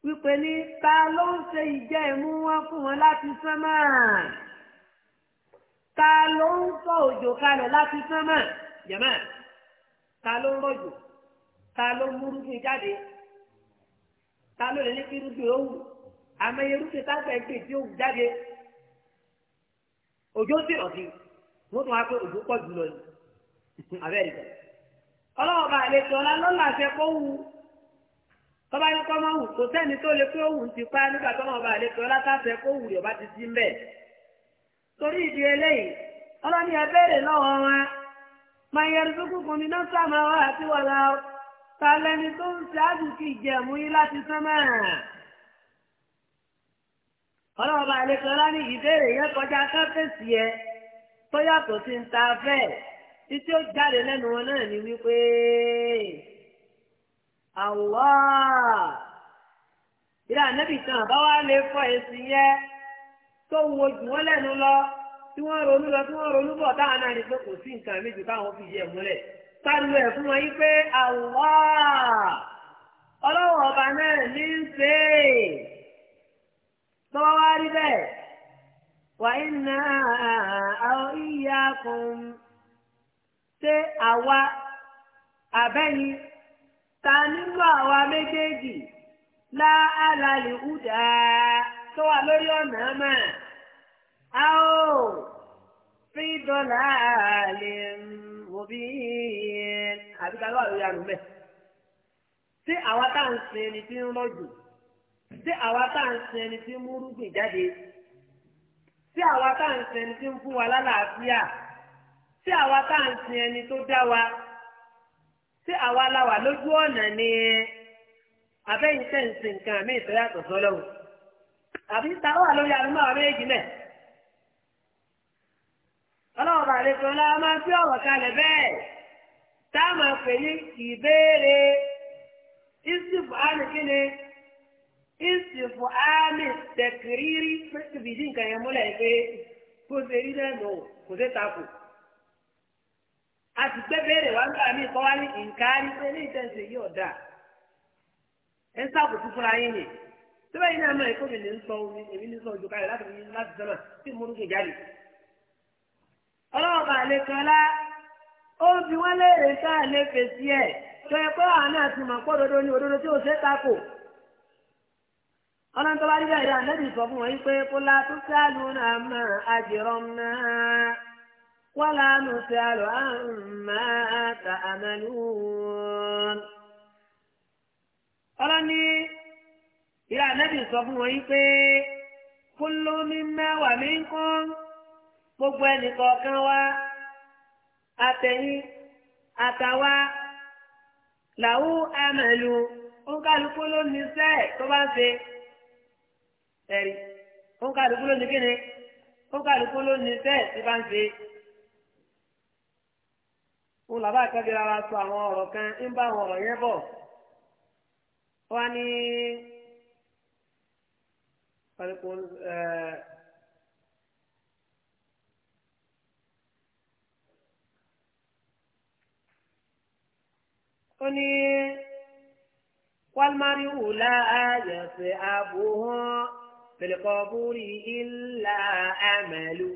wípé ní ta ló ń ṣe ìjẹ́ ìmú wọn fún wọn láti sánmà ta ló ń sọ òjò kalẹ̀ láti sánmà jẹ̀mọ́ ta ló ń rọ̀jò ta ló ń múrúfin jáde ta ló lè ní kí ame ó wù ta irúgbìn gbe tí ó jáde òjò sì rọ̀ sí wọ́n tún wá pé òjò pọ̀ jù lọ ni abẹ́rẹ́ ìgbà ọlọ́wọ́ bá la lọ́la fẹ́ kó wù tọ́ba ní kọ́ máa wù kò tó kó torí ìdí eléyìí ma ta lẹni tó ń ṣáájú kí ìjẹ̀mú yín láti sán mẹ́rin. ọlọ́run bá ilé kan láni ìbéèrè yẹn kọjá káfíńsì yẹ tó yàtọ̀ sí ń ta fẹ́ títí ó jáde lẹ́nu wọn náà ni wípé àwọ̀ ìlà nẹ́bì kan bá wá lè fọ èsì yẹn tó wo jù wọ́n lẹ́nu lọ tí wọ́n ronú lọ tí wọ́n ronú bọ̀ táwọn náà ní pé kò sí nǹkan méjì táwọn fi yẹ múlẹ̀ pariwo ẹ̀ fún wọn yí pé àwọ̀ ọlọ́wọ́ ọba náà ní í ṣe é tọ́wọ́ wá rí bẹ́ẹ̀ wà iná àwọn ìyá kan ṣé àwa àbẹ́yìn ta nínú àwa méjèèjì lá húdà tó wà lórí ọ̀nà mọ́ a ó fi dọ́là lè mú mubin àbí ká lọ́wọ́ àlóyè àrùn mẹ́. ṣé àwa tá à ń sin ẹni tí ń rọ̀jò ṣé àwa tá à ń sin ẹni tí ń múrúgbìn jáde ṣé àwa tá ń sin ẹni tí ń fún wa lálàáfíà ṣé àwa tá ń sin ẹni tó dá wa ṣé àwa la lójú ọ̀nà ni abẹ́yìn tẹ̀ ń sin nǹkan àmì ìfẹ́ yàtọ̀ sọ́lọ́wọ́ àbí ta ó wà lórí àrùn mọ́ àwọn méjì náà ọlọ́run bá lè fún ọlọ́run máa fi ọ̀rọ̀ kalẹ̀ bẹ́ẹ̀ táàmù pè ní ìbéèrè ìsìnkú àmì kíni ìsìnkú àmì tẹ̀kìrìrì fìdí nǹkan yẹn múlẹ̀ pé kó ṣe rí náà nù kò ṣe takò. a ti gbé béèrè wá nígbà míì kọ́ wá ní nǹkan pé ní ìtẹ̀sẹ̀ yìí ọ̀dà ẹ̀ ń sàkóso fúnra yín ni tí wọ́n yìí náà mọ̀ ẹ̀kọ́ mi ní sọ omi èmi ní sọ ojú kalẹ̀ láti sọ́nà tí mo rúkè jáde ọlọ́run bá lè kan lá ó fi wọ́n léèrè ká lè fèsì ẹ̀ tó yẹ pé àwọn náà ti mọ̀ pọ́ dodo ní òdodo tí ò ṣe tako ọlọ́run tó bá rí bẹ́ẹ̀ dáa lẹ́bi sọ fún wọn pé kó tó sí àlù náà mọ́ àjẹrọ náà wọ́n là ń àlù àmọ́ ta àmàlù. ọlọ́run ní ìyá sọ fún wọn pé kúlómi mẹ́wàá mi ń kọ́ gbogbo ẹnìkọ̀ọ̀kan wa àtẹ̀yìn àtàwa làwù àmàlù òǹkàlùkù ló ní sẹ́ẹ̀ tó bá ń ṣe ẹ̀rí òǹkàlùkù ló ní kíni òǹkàlùkù ló ní sẹ́ẹ̀ tó bá ń ṣe. ń làbá àkàbíra wa sọ àwọn ọ̀rọ̀ kan ń bá àwọn ọ̀rọ̀ yẹn bọ̀ wọ́n á ní. ó ní wàlmárì wùlá ayọ̀sẹ̀ àbúhọ́ pẹ̀lẹ́kọ̀ọ́bùrì ìlà àmàlú.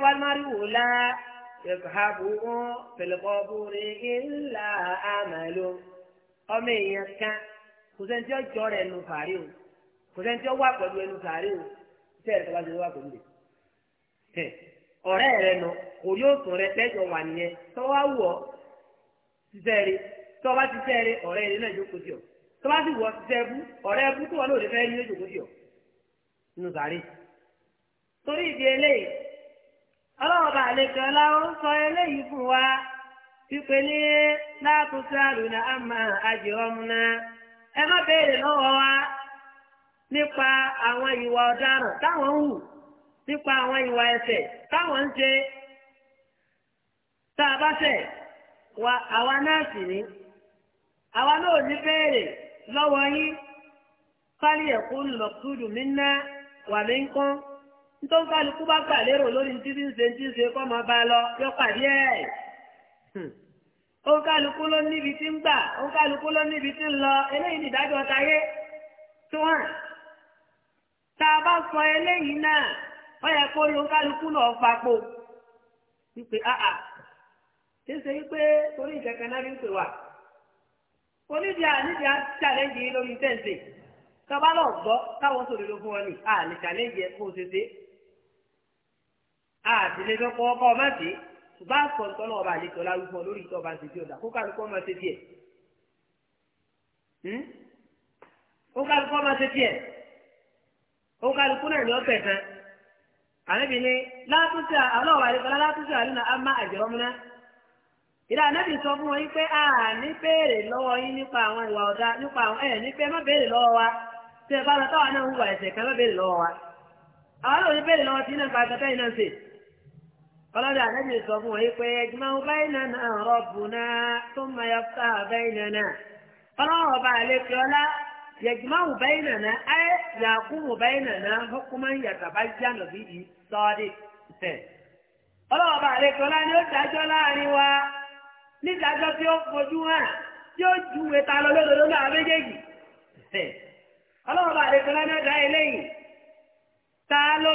wàlmárì wùlá yẹ̀kọ̀ọ́bùhọ́ pẹ̀lẹ́kọ̀ọ́bùrì ìlà àmàlú. ọmọ èèyàn kan kò sẹ́ni tí ó jọ rẹ̀ nù fàárí o kò tí ó wà pẹ̀lú ẹnu fàárí o iṣẹ́ rẹ̀ tó bá ti wà pẹ̀lú rẹ̀. ọ̀rẹ́ rẹ nù orí rẹ tẹ́jọ wà nìyẹn tọ́wá wù ṣiṣẹ́ tọ́wá ti ṣiṣẹ́ ọ̀rẹ́ rẹ náà jókòó sí ọ tọ́wá sì wù ṣiṣẹ́ bú ọ̀rẹ́ bú tó lóde fẹ́ ó sí ọ fún wa ní àmà ẹ má béèrè lọ́wọ́ wa nípa àwọn ìwà ọ̀daràn táwọn ń nípa àwọn táwọn ń ṣe tá a bá ṣẹ̀ wa àwa náà sì ní àwa náà ní béèrè lọ́wọ́ yín fálí ẹ̀kú lọ́kùdù mí ná wà mí ń kán nítorí kálukú bá gbà lérò lórí ti ti ń ṣe ti ń ṣe kọ́ máa bá a lọ yọ pàdé ẹ̀ hmm. ó kálukú ló níbi tí ń gbà ó kálukú ló níbi tí ń lọ eléyìí ni ìdájọ́ tayé tó hàn tá a bá sọ eléyìí náà wọ́n yẹ kó ló kálukú náà papò wípé áà ṣéṣe wípé torí ìkẹ̀kẹ́ náà ń pè wá onídìí ànídìí á ṣàlẹ́jì yìí lórí tẹ̀sí tọ́ba náà gbọ́ káwọn sòrò ló fún ọ ní a lè ṣàlẹ́jì ẹ kó o ṣe ṣe àtìlẹ́ fẹ́ kọ́ ọkọ ọmọ sí ṣùgbọ́n àpò ńtọ́ náà ọba àlejò láwùjọ lórí ìtọ́ ọba ṣe fi ọ̀dà kó kálukú ọmọ ṣe tiẹ̀ hmm? kó kálukú ọmọ ṣe tiẹ̀ kó kálukú náà ní ọ̀pẹ̀ tán. ànábì ni látúnṣe ọlọ́wọ́ àdìgbọ́lá látúnṣe àlùnà á má ìdá sọ fún wọn pé a béèrè lọ́wọ́ yín nípa àwọn ìwà ọ̀dà nípa àwọn ẹ̀ ní pé má béèrè lọ́wọ́ wa tẹ ẹ bá lọ táwọn náà ń wà kan má béèrè lọ́wọ́ wa àwọn náà ní béèrè lọ́wọ́ tí iná pa akẹ́kọ̀ọ́ yìí ṣe ọlọ́dà ànábì sọ fún wọn náà tó máa yọ يجمع بيننا أي يقوم بيننا حكما يتبين به صادق ọlọ́ọ̀bà àlekọ́lá ni ó dájọ́ láàrin wa nídájọ́ tí ó fojú hàn tí ó júwe ta lọ lódodo náà méjèèjì ọlọ́ọ̀bà àlekọ́lá ni ó dá eléyìí ta lọ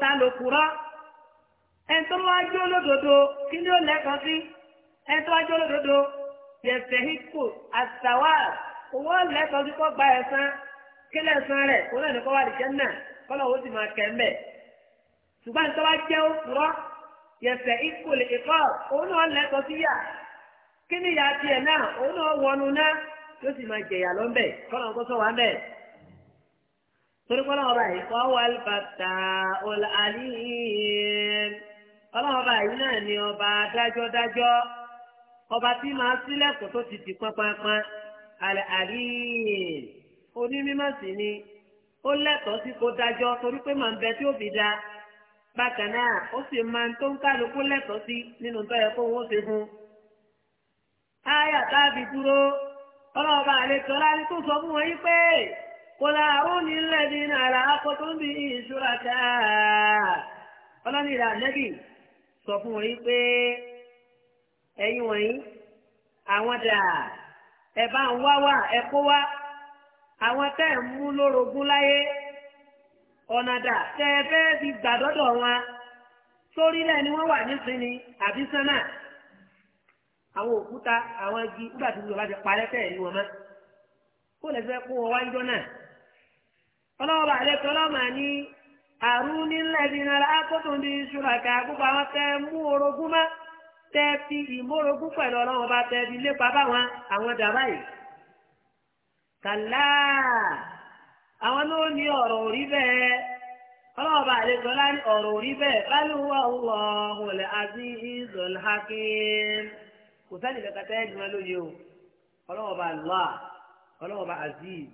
ta kúrọ́ wá kí ni ó lẹ́kọ̀ọ́ sí òun á lẹ́tọ̀ọ́ sí kọ́ gba ẹ̀sán kílẹ̀ ẹ̀sán rẹ̀ kó náà ní kọ́ wà lè jẹ́ náà kọ́lọ̀ ó sì máa kẹ́ mbẹ̀. ṣùgbọ́n tó bá jẹ́ ó purọ́ yẹ̀sẹ̀ ìkòlè ìkọ́ òun náà lẹ́tọ̀ọ́ sí yà kí ni ìyá tiẹ̀ náà òun náà wọnú náà yóò sì máa jẹ̀yà lọ́nbẹ̀ kọ́lọ̀ kó sọ wà mbẹ̀. torí kọ́lọ̀ ọba yìí kọ́ wà bàtà ọ̀là àlìyìn kọ́lọ̀ ọba yìí náà ni ọba dájọ́dájọ́ ọba tí máa sílẹ̀kùn tó ti dì pánpánpán àlìyìn onímọ̀ sí ni ó lẹ́tọ̀ọ́ sí kó dájọ́ torí pé màá bẹ tí ó fi da bákan náà ó sì máa ń tó ń kálukú lẹ́tọ̀ọ́ sí nínú tó yẹ kó wọ́n ṣe fún. áyà táàbì ọlọ́ọ̀bà àlejò láti tó sọ fún wọn yí pé kò láàrún nílẹ̀ ní nàrà akọ́tún bí ìṣúra káà ọlọ́ni nẹ́bì sọ fún wọn yí pé ẹ̀yin wọ̀nyí àwọn dà. ẹ bá ń wá wá ẹ kó wá àwọn tẹ́ ẹ̀ ń mú lórogún láyé dà tẹ́ ẹ fẹ́ fi gbàdọ́dọ̀ wọn sórílẹ̀ ni wọ́n wà nísìnyí àbí sánà àwọn òkúta àwọn igi nígbà tí yorùbá ti parẹ́ tẹ̀ ní wọn mọ́ kó lè fẹ́ kó wọn tẹ́ẹ̀fì ìmórogún pẹ̀lú ọlọ́run bá tẹ́ẹ̀fì lépa báwọn àwọn dàbá yìí. kàlá àwọn náà ní ọ̀rọ̀ òrí bẹ́ẹ̀ ọlọ́run bá àlejò ńlá ní ọ̀rọ̀ òrí bẹ́ẹ̀ báyìí wọ́n ń lọ ọ̀hùnlẹ̀ àti ìzọ̀lẹ̀ hakim kò sẹ́ni kẹta tẹ́ẹ̀dì wọn lóye o ọlọ́run bá lọ́à ọlọ́run bá azeez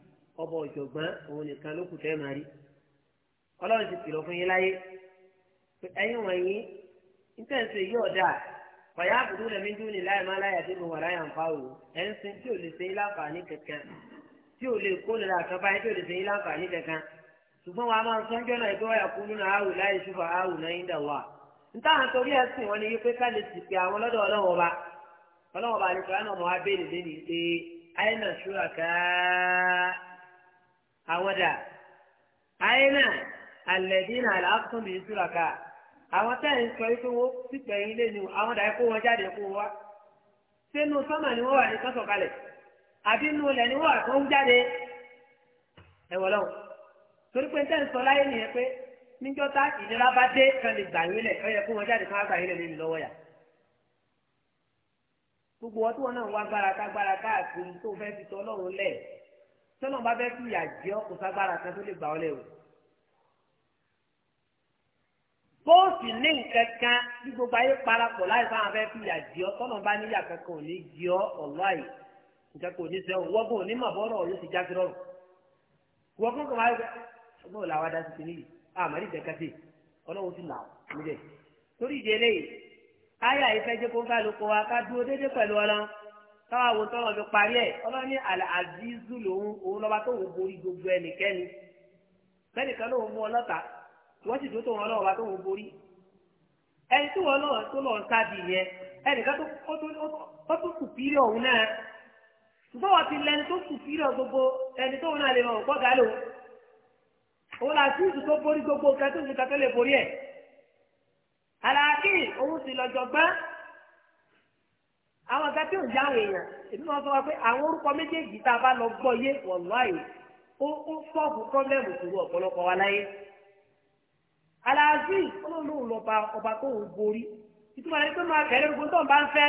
ọba ọ̀jọ̀gbọ́n òun nìkan ló kù tẹ́ẹ̀ máa ọlọ́run ti kìlọ̀ fún yín láyé ẹ̀yin wọ̀nyí ní tẹ̀sán yìí ọ̀dà fọyà àbùdó lẹ́mí dún ní láyé má láyà dé mu wà láyà ń fa o ẹ̀ ń sin tí ò lè ṣe yín kankan tí ò lè kó nira kan báyìí tí ò lè ṣe yín láǹfààní kankan ṣùgbọ́n wàá máa sọ ọjọ́ náà ìgbéwàá kú nínú àwù láyé ṣùfà àwù náà yín dàwà nítawọn torí ẹ̀sìn wọn ni wípé ká lè sì pé àwọn lọ́dọ̀ àwọn táyà ń sọ yìí pé wọ́n pípẹ́ yín lé ni àwọn dàá kó wọn jáde kó wá sínú sọ́mà ni wọ́n wà ní sọ́sọ̀ kalẹ̀ àbí inú ilẹ̀ ni wọ́n wà tó ń jáde ẹ̀wọ̀ lọ́wọ́ torí pé táyà ń sọ láyé nìyẹn pé níjọ́ ìnira bá dé kan lè gbà yín lẹ̀ ó yẹ kó wọn jáde kan á gbà yín lẹ̀ lórí lọ́wọ́ yà gbogbo ọtí wọn náà wá gbára ká gbára káàkiri tó fẹ́ fi tọ́ ọlọ́run lẹ̀ tọ́lọ́run bóòsì ní nǹkan kan bí gbogbo ayé parapọ̀ láì fáwọn afẹ́ fi yà jí ọ tọ́nà bá níyà kankan ò ní jí ọ ọ̀lọ́ àyè nǹkan kò ní sẹ́ ọ wọ́gbọ́n òní màbọ́ ọ̀rọ̀ ló ti já sí rọrùn wọ́n kọ́kọ́ máa gbé ọgbọ́n làwọn adá sí àmàlí ọlọ́run ti là ó níbẹ̀ torí ìdí eléyìí ayé àyífẹ́ jẹ́ kó wa ká dúró dédé pẹ̀lú fi parí ní lòun òun tó wò wọ́n sì dúró tó wọn lọ́wọ́ wa tó wọn borí ẹni tí wọn lọ́wọ́ tó lọ́wọ́ sábì yẹn ẹnìkan tó tó sùpírì ọ̀hún náà ṣùgbọ́n wọ́n ti lẹni tó sùpírì ọ̀ gbogbo ẹni tó wọn náà lè mọ̀ gbọ́dọ̀ àlò òun là sí ìdù tó borí gbogbo nǹkan tó ń ṣe lè borí ẹ̀ aláàkì òun sì lọ́jọ́ gbá àwọn nǹkan tí ò yá àwọn èèyàn èmi máa sọ wa pé àwọn orúkọ méjèèjì tá a bá lọ gbọ́ yé wọ̀lọ́ àyè aláàzí olóòlóhùn lọba ọba tó ń borí ìtumọ̀ ẹni pé máa bẹ̀rẹ̀ gbogbo tó ń bá ń fẹ́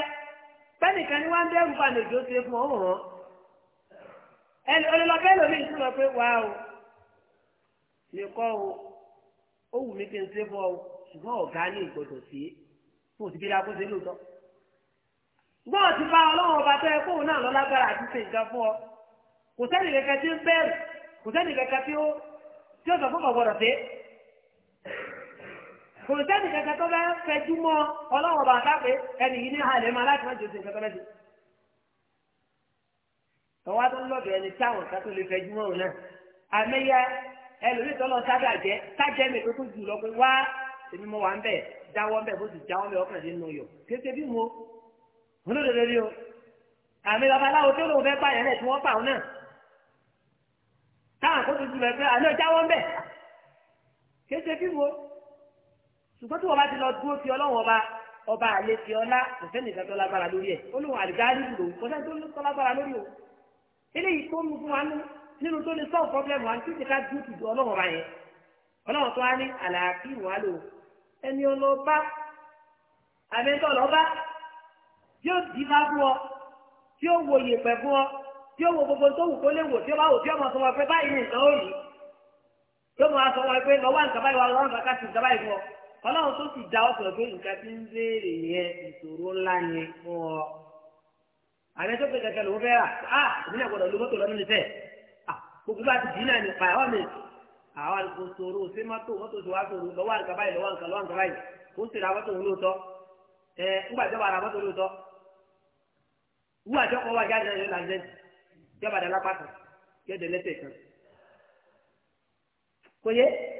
pẹ́nìkan ni wọ́n ń dẹ́rù bá lè dóṣe fún ọ rán ẹni olólọ́bẹ́ lómi ìtumọ̀ pé wà o lè kọ́ o ó wù mí kí n ṣe bọ́ o ṣùgbọ́n ọ̀gá ní ìgbọ̀dọ̀ sí fún òsì bíi akóso lóòótọ́ gbọ́dọ̀ ti bá ọlọ́run ọba tó yẹ kóun náà lọ lágbára àti ṣe ìjà fún ọ kò sẹ́nì kẹ̀kẹ́ tí ń bẹ̀rù kò sẹ́nì kẹ̀kẹ́ tí ó tí ó sọ fún ọ̀gbọ̀dọ̀ sí kò sẹ́ni kankan tó bá fẹjú mọ́ ọlọ́wọ́ bá dápé ẹni yìí ní halẹ̀ máa láti má jòsè kankan mẹ́sì. tọ́wá tó ń lọ́dọ̀ ẹni táwọn ká tó lè fẹjú mọ́ òun náà àmẹ́yà ẹlòmíì tó lọ sábà jẹ́ kájẹ́ mi tó tó jù lọ pé wá èmi mo wà ń bẹ̀ jáwọ́ ń bẹ̀ bó sì jáwọ́ ń bẹ̀ ọkàn nínú yọ̀ kété bí mo mo ló lè rí o àmì babaláwo tó lóun fẹ́ pààyàn náà tí wọ́n pààrọ̀ náà táwọn àkóso jù lọ pé àná ṣùgbọ́n tí wọ́n bá ti lọ dúró ti ọlọ́run ọba ọba àlè ti ọlá kò sẹ́ni ìgbà tó lágbára lórí ẹ̀ ó lóun àlùgáàlì lò kò sẹ́ni tó tó lágbára lórí o eléyìí tó mú fún wa nínú tó lè sọ́ọ̀ pọ́blẹ́mù wa títí ká dúró ti ọlọ́run ọba yẹn ọlọ́run tó wá ní àlàáfí wà lò ẹni ọlọ́ba àmẹ́tọ́ lọ́ba yóò dì bá fún ọ tí ó wo yèpẹ̀ fún ọ tí ó wo gbogbo tó wù kó lè wò tí ó bá wò tí ó ọlọ́run tó sì dá ọ sọ̀rọ̀ pé nǹkan tí ń béèrè yẹn ìṣòro ńlá ni fún ọ. àmì tó pèsè kẹlẹ́ òun fẹ́ rà ah, á ìbílẹ̀ gbọ́dọ̀ ló mọ́tò lọ́dún nífẹ̀ẹ́ ah, gbogbo bá ti dì í náà nípa àwọn mi àwọn àlùkò sòrò ṣé mọ́tò mọ́tò tó wá sòrò lọ́wọ́ àǹkà báyìí lọ́wọ́ àǹkà lọ́wọ́ àǹkà báyìí kó sì ra mọ́tò òun lóòótọ́ ẹ ńgbà tó wà ra mọ́tò lóòótọ́ wú àjọkọ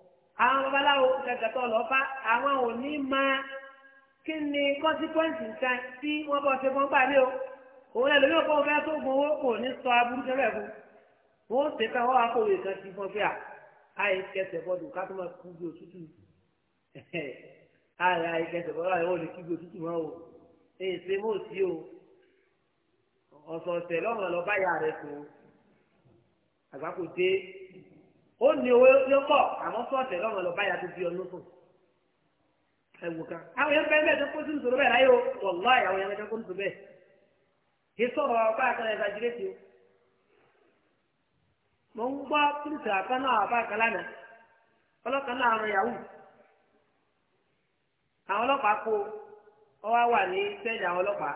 àwọn babaláwo gàgàtọ̀ lọ́fà àwọn ò ní máa kí ni consequence nǹkan tí wọ́n bọ̀ ṣe fún gbàlẹ́ o òun lẹ́nu yóò fọwọ́ fẹ́ tó gun owó kò ní sọ aburú tẹ́lẹ̀ fún wọn ó ṣe fẹ́ wọ́n wá kó òye kan sí fún ọ pé à àyè kẹsẹ̀ bọ́dù ká tó máa kú bí òtútù àyè àyè kẹsẹ̀ bọ́dù àyè wọ́n lè bí òtútù wọn o èyí ṣe mọ́ sí o ọ̀sọ̀ọ̀sẹ̀ lọ́mọ lọ bá yà rẹ̀ tó àgbákò dé ó ní owó yóò pọ̀ àmọ́ sọ́ọ̀tẹ̀ lọ́rùn lọ báyà tó fi ọdún sùn ẹ̀wù ka àwọn yẹn bẹ́ẹ̀ bẹ́ẹ̀ tó kó sínú sọ̀rọ̀ bẹ́ẹ̀ láyé o wọ̀lá àwọn yẹn bẹ́ẹ̀ kó sínú bẹ́ẹ̀ kí sọ̀rọ̀ ọ̀pá àkàrà jíre ti o mo ń gbọ́ kírísì àká náà àbá àkàlà náà ọlọ́kan náà àwọn yahoo àwọn ọlọ́pàá kó ọ wá wà ní sẹ́ẹ̀dì àwọn ọlọ́pàá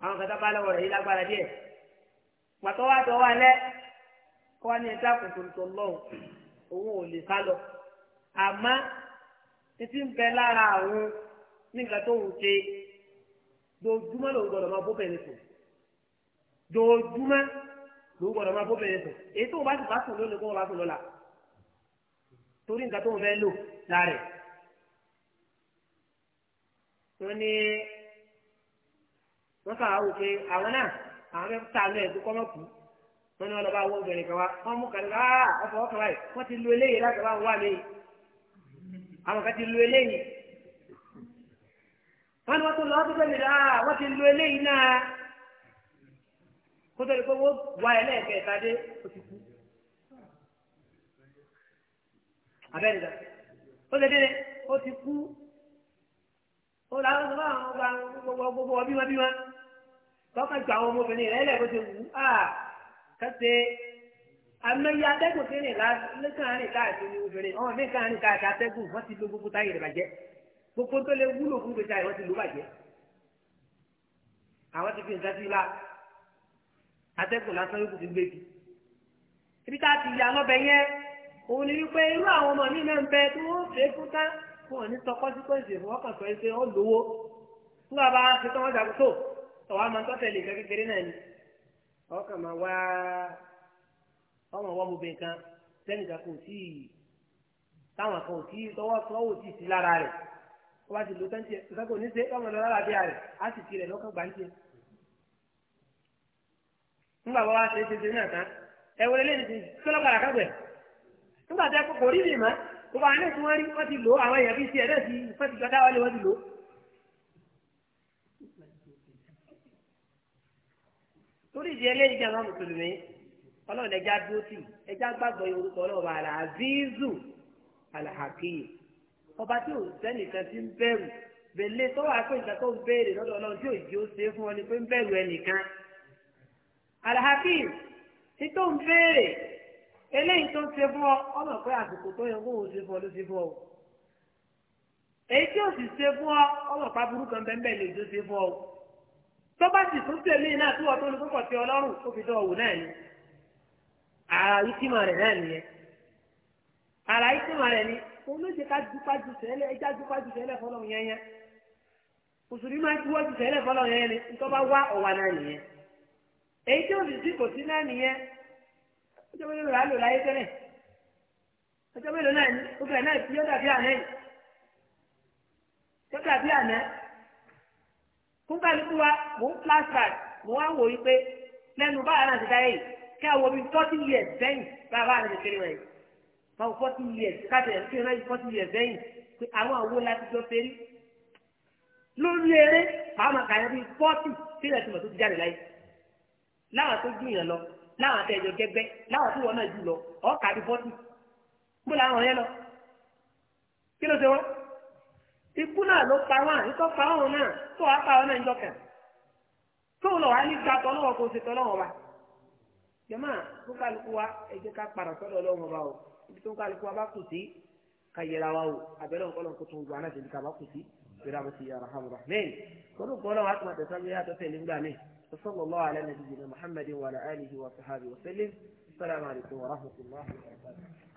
àwọn lọ́wọ́ rẹ̀ yìí kó wá ní ẹja kòtò tó lọ́hùn òun ò lè sá lọ àmọ́ títí ń bẹ lára àwọn nígbà tó ń ṣe dojúmọ́ lòun gbọ́dọ̀ máa bó bẹ̀rẹ̀ sùn dojúmọ́ lòun gbọ́dọ̀ máa bó bẹ̀rẹ̀ sùn èyí tó o bá sì bá sùn lónìí kó o bá sùn lọ́la torí nǹkan tó ń fẹ́ lò lára ẹ̀ tó ní wọ́n kà á pé àwọn náà àwọn fẹ́ ta lọ ẹ̀ tó kọ́ mọ́ kú wọn ni wọn lọ bá wọ obìnrin kan wá wọn mú kàlí aa ọkọ ọkọ báyìí wọn ti lu eléyìí láti wá wà mí àwọn kan ti lu eléyìí wọn ni wọn tún lọ wọn tún bẹ̀rẹ̀ aa wọn ti lu eléyìí náà kótó ni kówó wá ẹlẹ́ẹ̀kẹta dé o ti kú abẹ́rẹ́ dà ó lè dé o ti kú ó làwọn ọmọ àwọn ọgbà gbogbo ọbí wọn bí wọn tọ́ka ju àwọn ọmọbìnrin rẹ̀ ẹlẹ́ẹ̀kọ́ ti wù á kẹsẹ̀ amẹ́yẹ atẹ́gùn tí nìkan rìn káàkiri obìnrin ọ̀hún nìkan rìn káàkiri atẹ́gùn wọ́n ti lo gbogbo táyé rẹ̀ bàjẹ́ gbogbo tó lè wúlò fún gbèsè àyè wọ́n ti lò bàjẹ́ àwọn ti fi nǹkan sí i la atẹ́gùn lásán yóò kù sí gbèsè ibi tá a ti yà lọ́bẹ̀ yẹn òun ni wípé irú àwọn ọmọ mi náà ń bẹ tí wọ́n fẹ́ fún ká fún ọ ní sọ kọ́síkọ́sì fún ọkàn sọ ẹsẹ̀ ọ lówó fún bàbá ṣetán wọn dàgbò tó ọ̀wá máa ń tọ́tẹ̀lé ìgbà náà ni ọkàn máa wá ọmọ wọ́n mo bẹ̀ kan sẹ́nìkan kò tí ì táwọn kan ò tí ì tọwọ́ tọwọ́ tí ì sí lára rẹ̀ wọ́n bá ti lo tẹ́ǹtì ẹ̀ nǹkan kò ní ṣe ọmọ lọ́la bíi rẹ̀ á sì tirẹ̀ lọ́kàn gbà ń tiẹ̀. nígbà wọ́n wá ṣe é ṣe ṣe náà tán ẹ wọlé lẹ́nu ti sọ́lọ́kàrà kágbẹ̀. nígbà tí a kò rí mi mọ́ kó bá a náà tí rí wọ́n ti lò àwọn èèyàn bíi ti ẹ̀dẹ́ torí ìdí eléyìí jẹ́ àwọn mùsùlùmí ọlọ́run ẹja dúró tì ẹja gbàgbọ́ orúkọ ọlọ́run àlàzízù àlàhàkìyè ọba tí ò sẹ́nìkan ti ń bẹ̀rù bèlè tó wà pé nǹkan tó ń béèrè lọ́dọ̀ ọlọ́run tí òjì ó ṣe fún ọ ni pé ń bẹ̀rù ẹnìkan àlàhàkìyè tí tó ń béèrè eléyìí tó ń ṣe fún ọ ọmọ pé àsìkò tó yẹ kóhùn ṣe fún ọ ló ṣe lè tó ṣe fún ọ. tó bá sì tún tèmi náà tí wọ́n tó ní kókò tí ọlọ́run ó fi dọ̀wù náà ni ara ìtumọ̀ rẹ̀ náà nìyẹn ara ìtumọ̀ rẹ̀ ni òun ló jẹ́ ká dúpájú sẹ́lẹ̀ ẹja sẹ́lẹ̀ fọlọ́run yẹn yẹn máa ń sẹ́lẹ̀ fọlọ́run yẹn ni bá wá ọ̀wà náà nìyẹn èyí tí sí kò sí náà nìyẹn mélòó rà lò láyé tẹ́lẹ̀ mélòó náà ni náà fún kálukú wa mò ń plastard mò wá ń wò wípé lẹ́nu báyà náà ti dá yìí kí àwọn omi forty years bẹ́yìn báyà náà ti kéré wọ̀nyí báwo forty years káàtẹ̀ ẹ̀ kí ọ̀nà yìí forty years bẹ́yìn pé àwọn àwo láti jọ fẹ́rí lórí eré pàmò àkàyọ̀ bíi forty sílẹ̀ tó mọ̀ tó ti jáde láyé láwọn tó gbìyàn lọ láwọn àtẹ̀jọ gẹ́gbẹ́ láwọn tó wọ́n náà jù lọ ọ̀ọ́kà bíi forty kí ló ṣe wọ́n. ikú náà ló pa wọn ikọ́ pa wọn náà tó wàá pa wọn náà níjọ kan tó lọ ní gbàtọ́ lọ́wọ́ o sì tọ́ lọ́wọ́ wa tó kálukú wa ká lọ́wọ́ wa o ibi tó kálukú wa bá kù sí ka yẹra wa o abẹ́rẹ́ òkọ́ lọ́wọ́ kó tó ń gbọ́ anáṣẹ́ ibi a bá kù sí bẹ́rẹ́ àbọ̀ sí yàrá hàmúrà mẹ́rin kọ́dún kọ́ lọ́wọ́ nígbà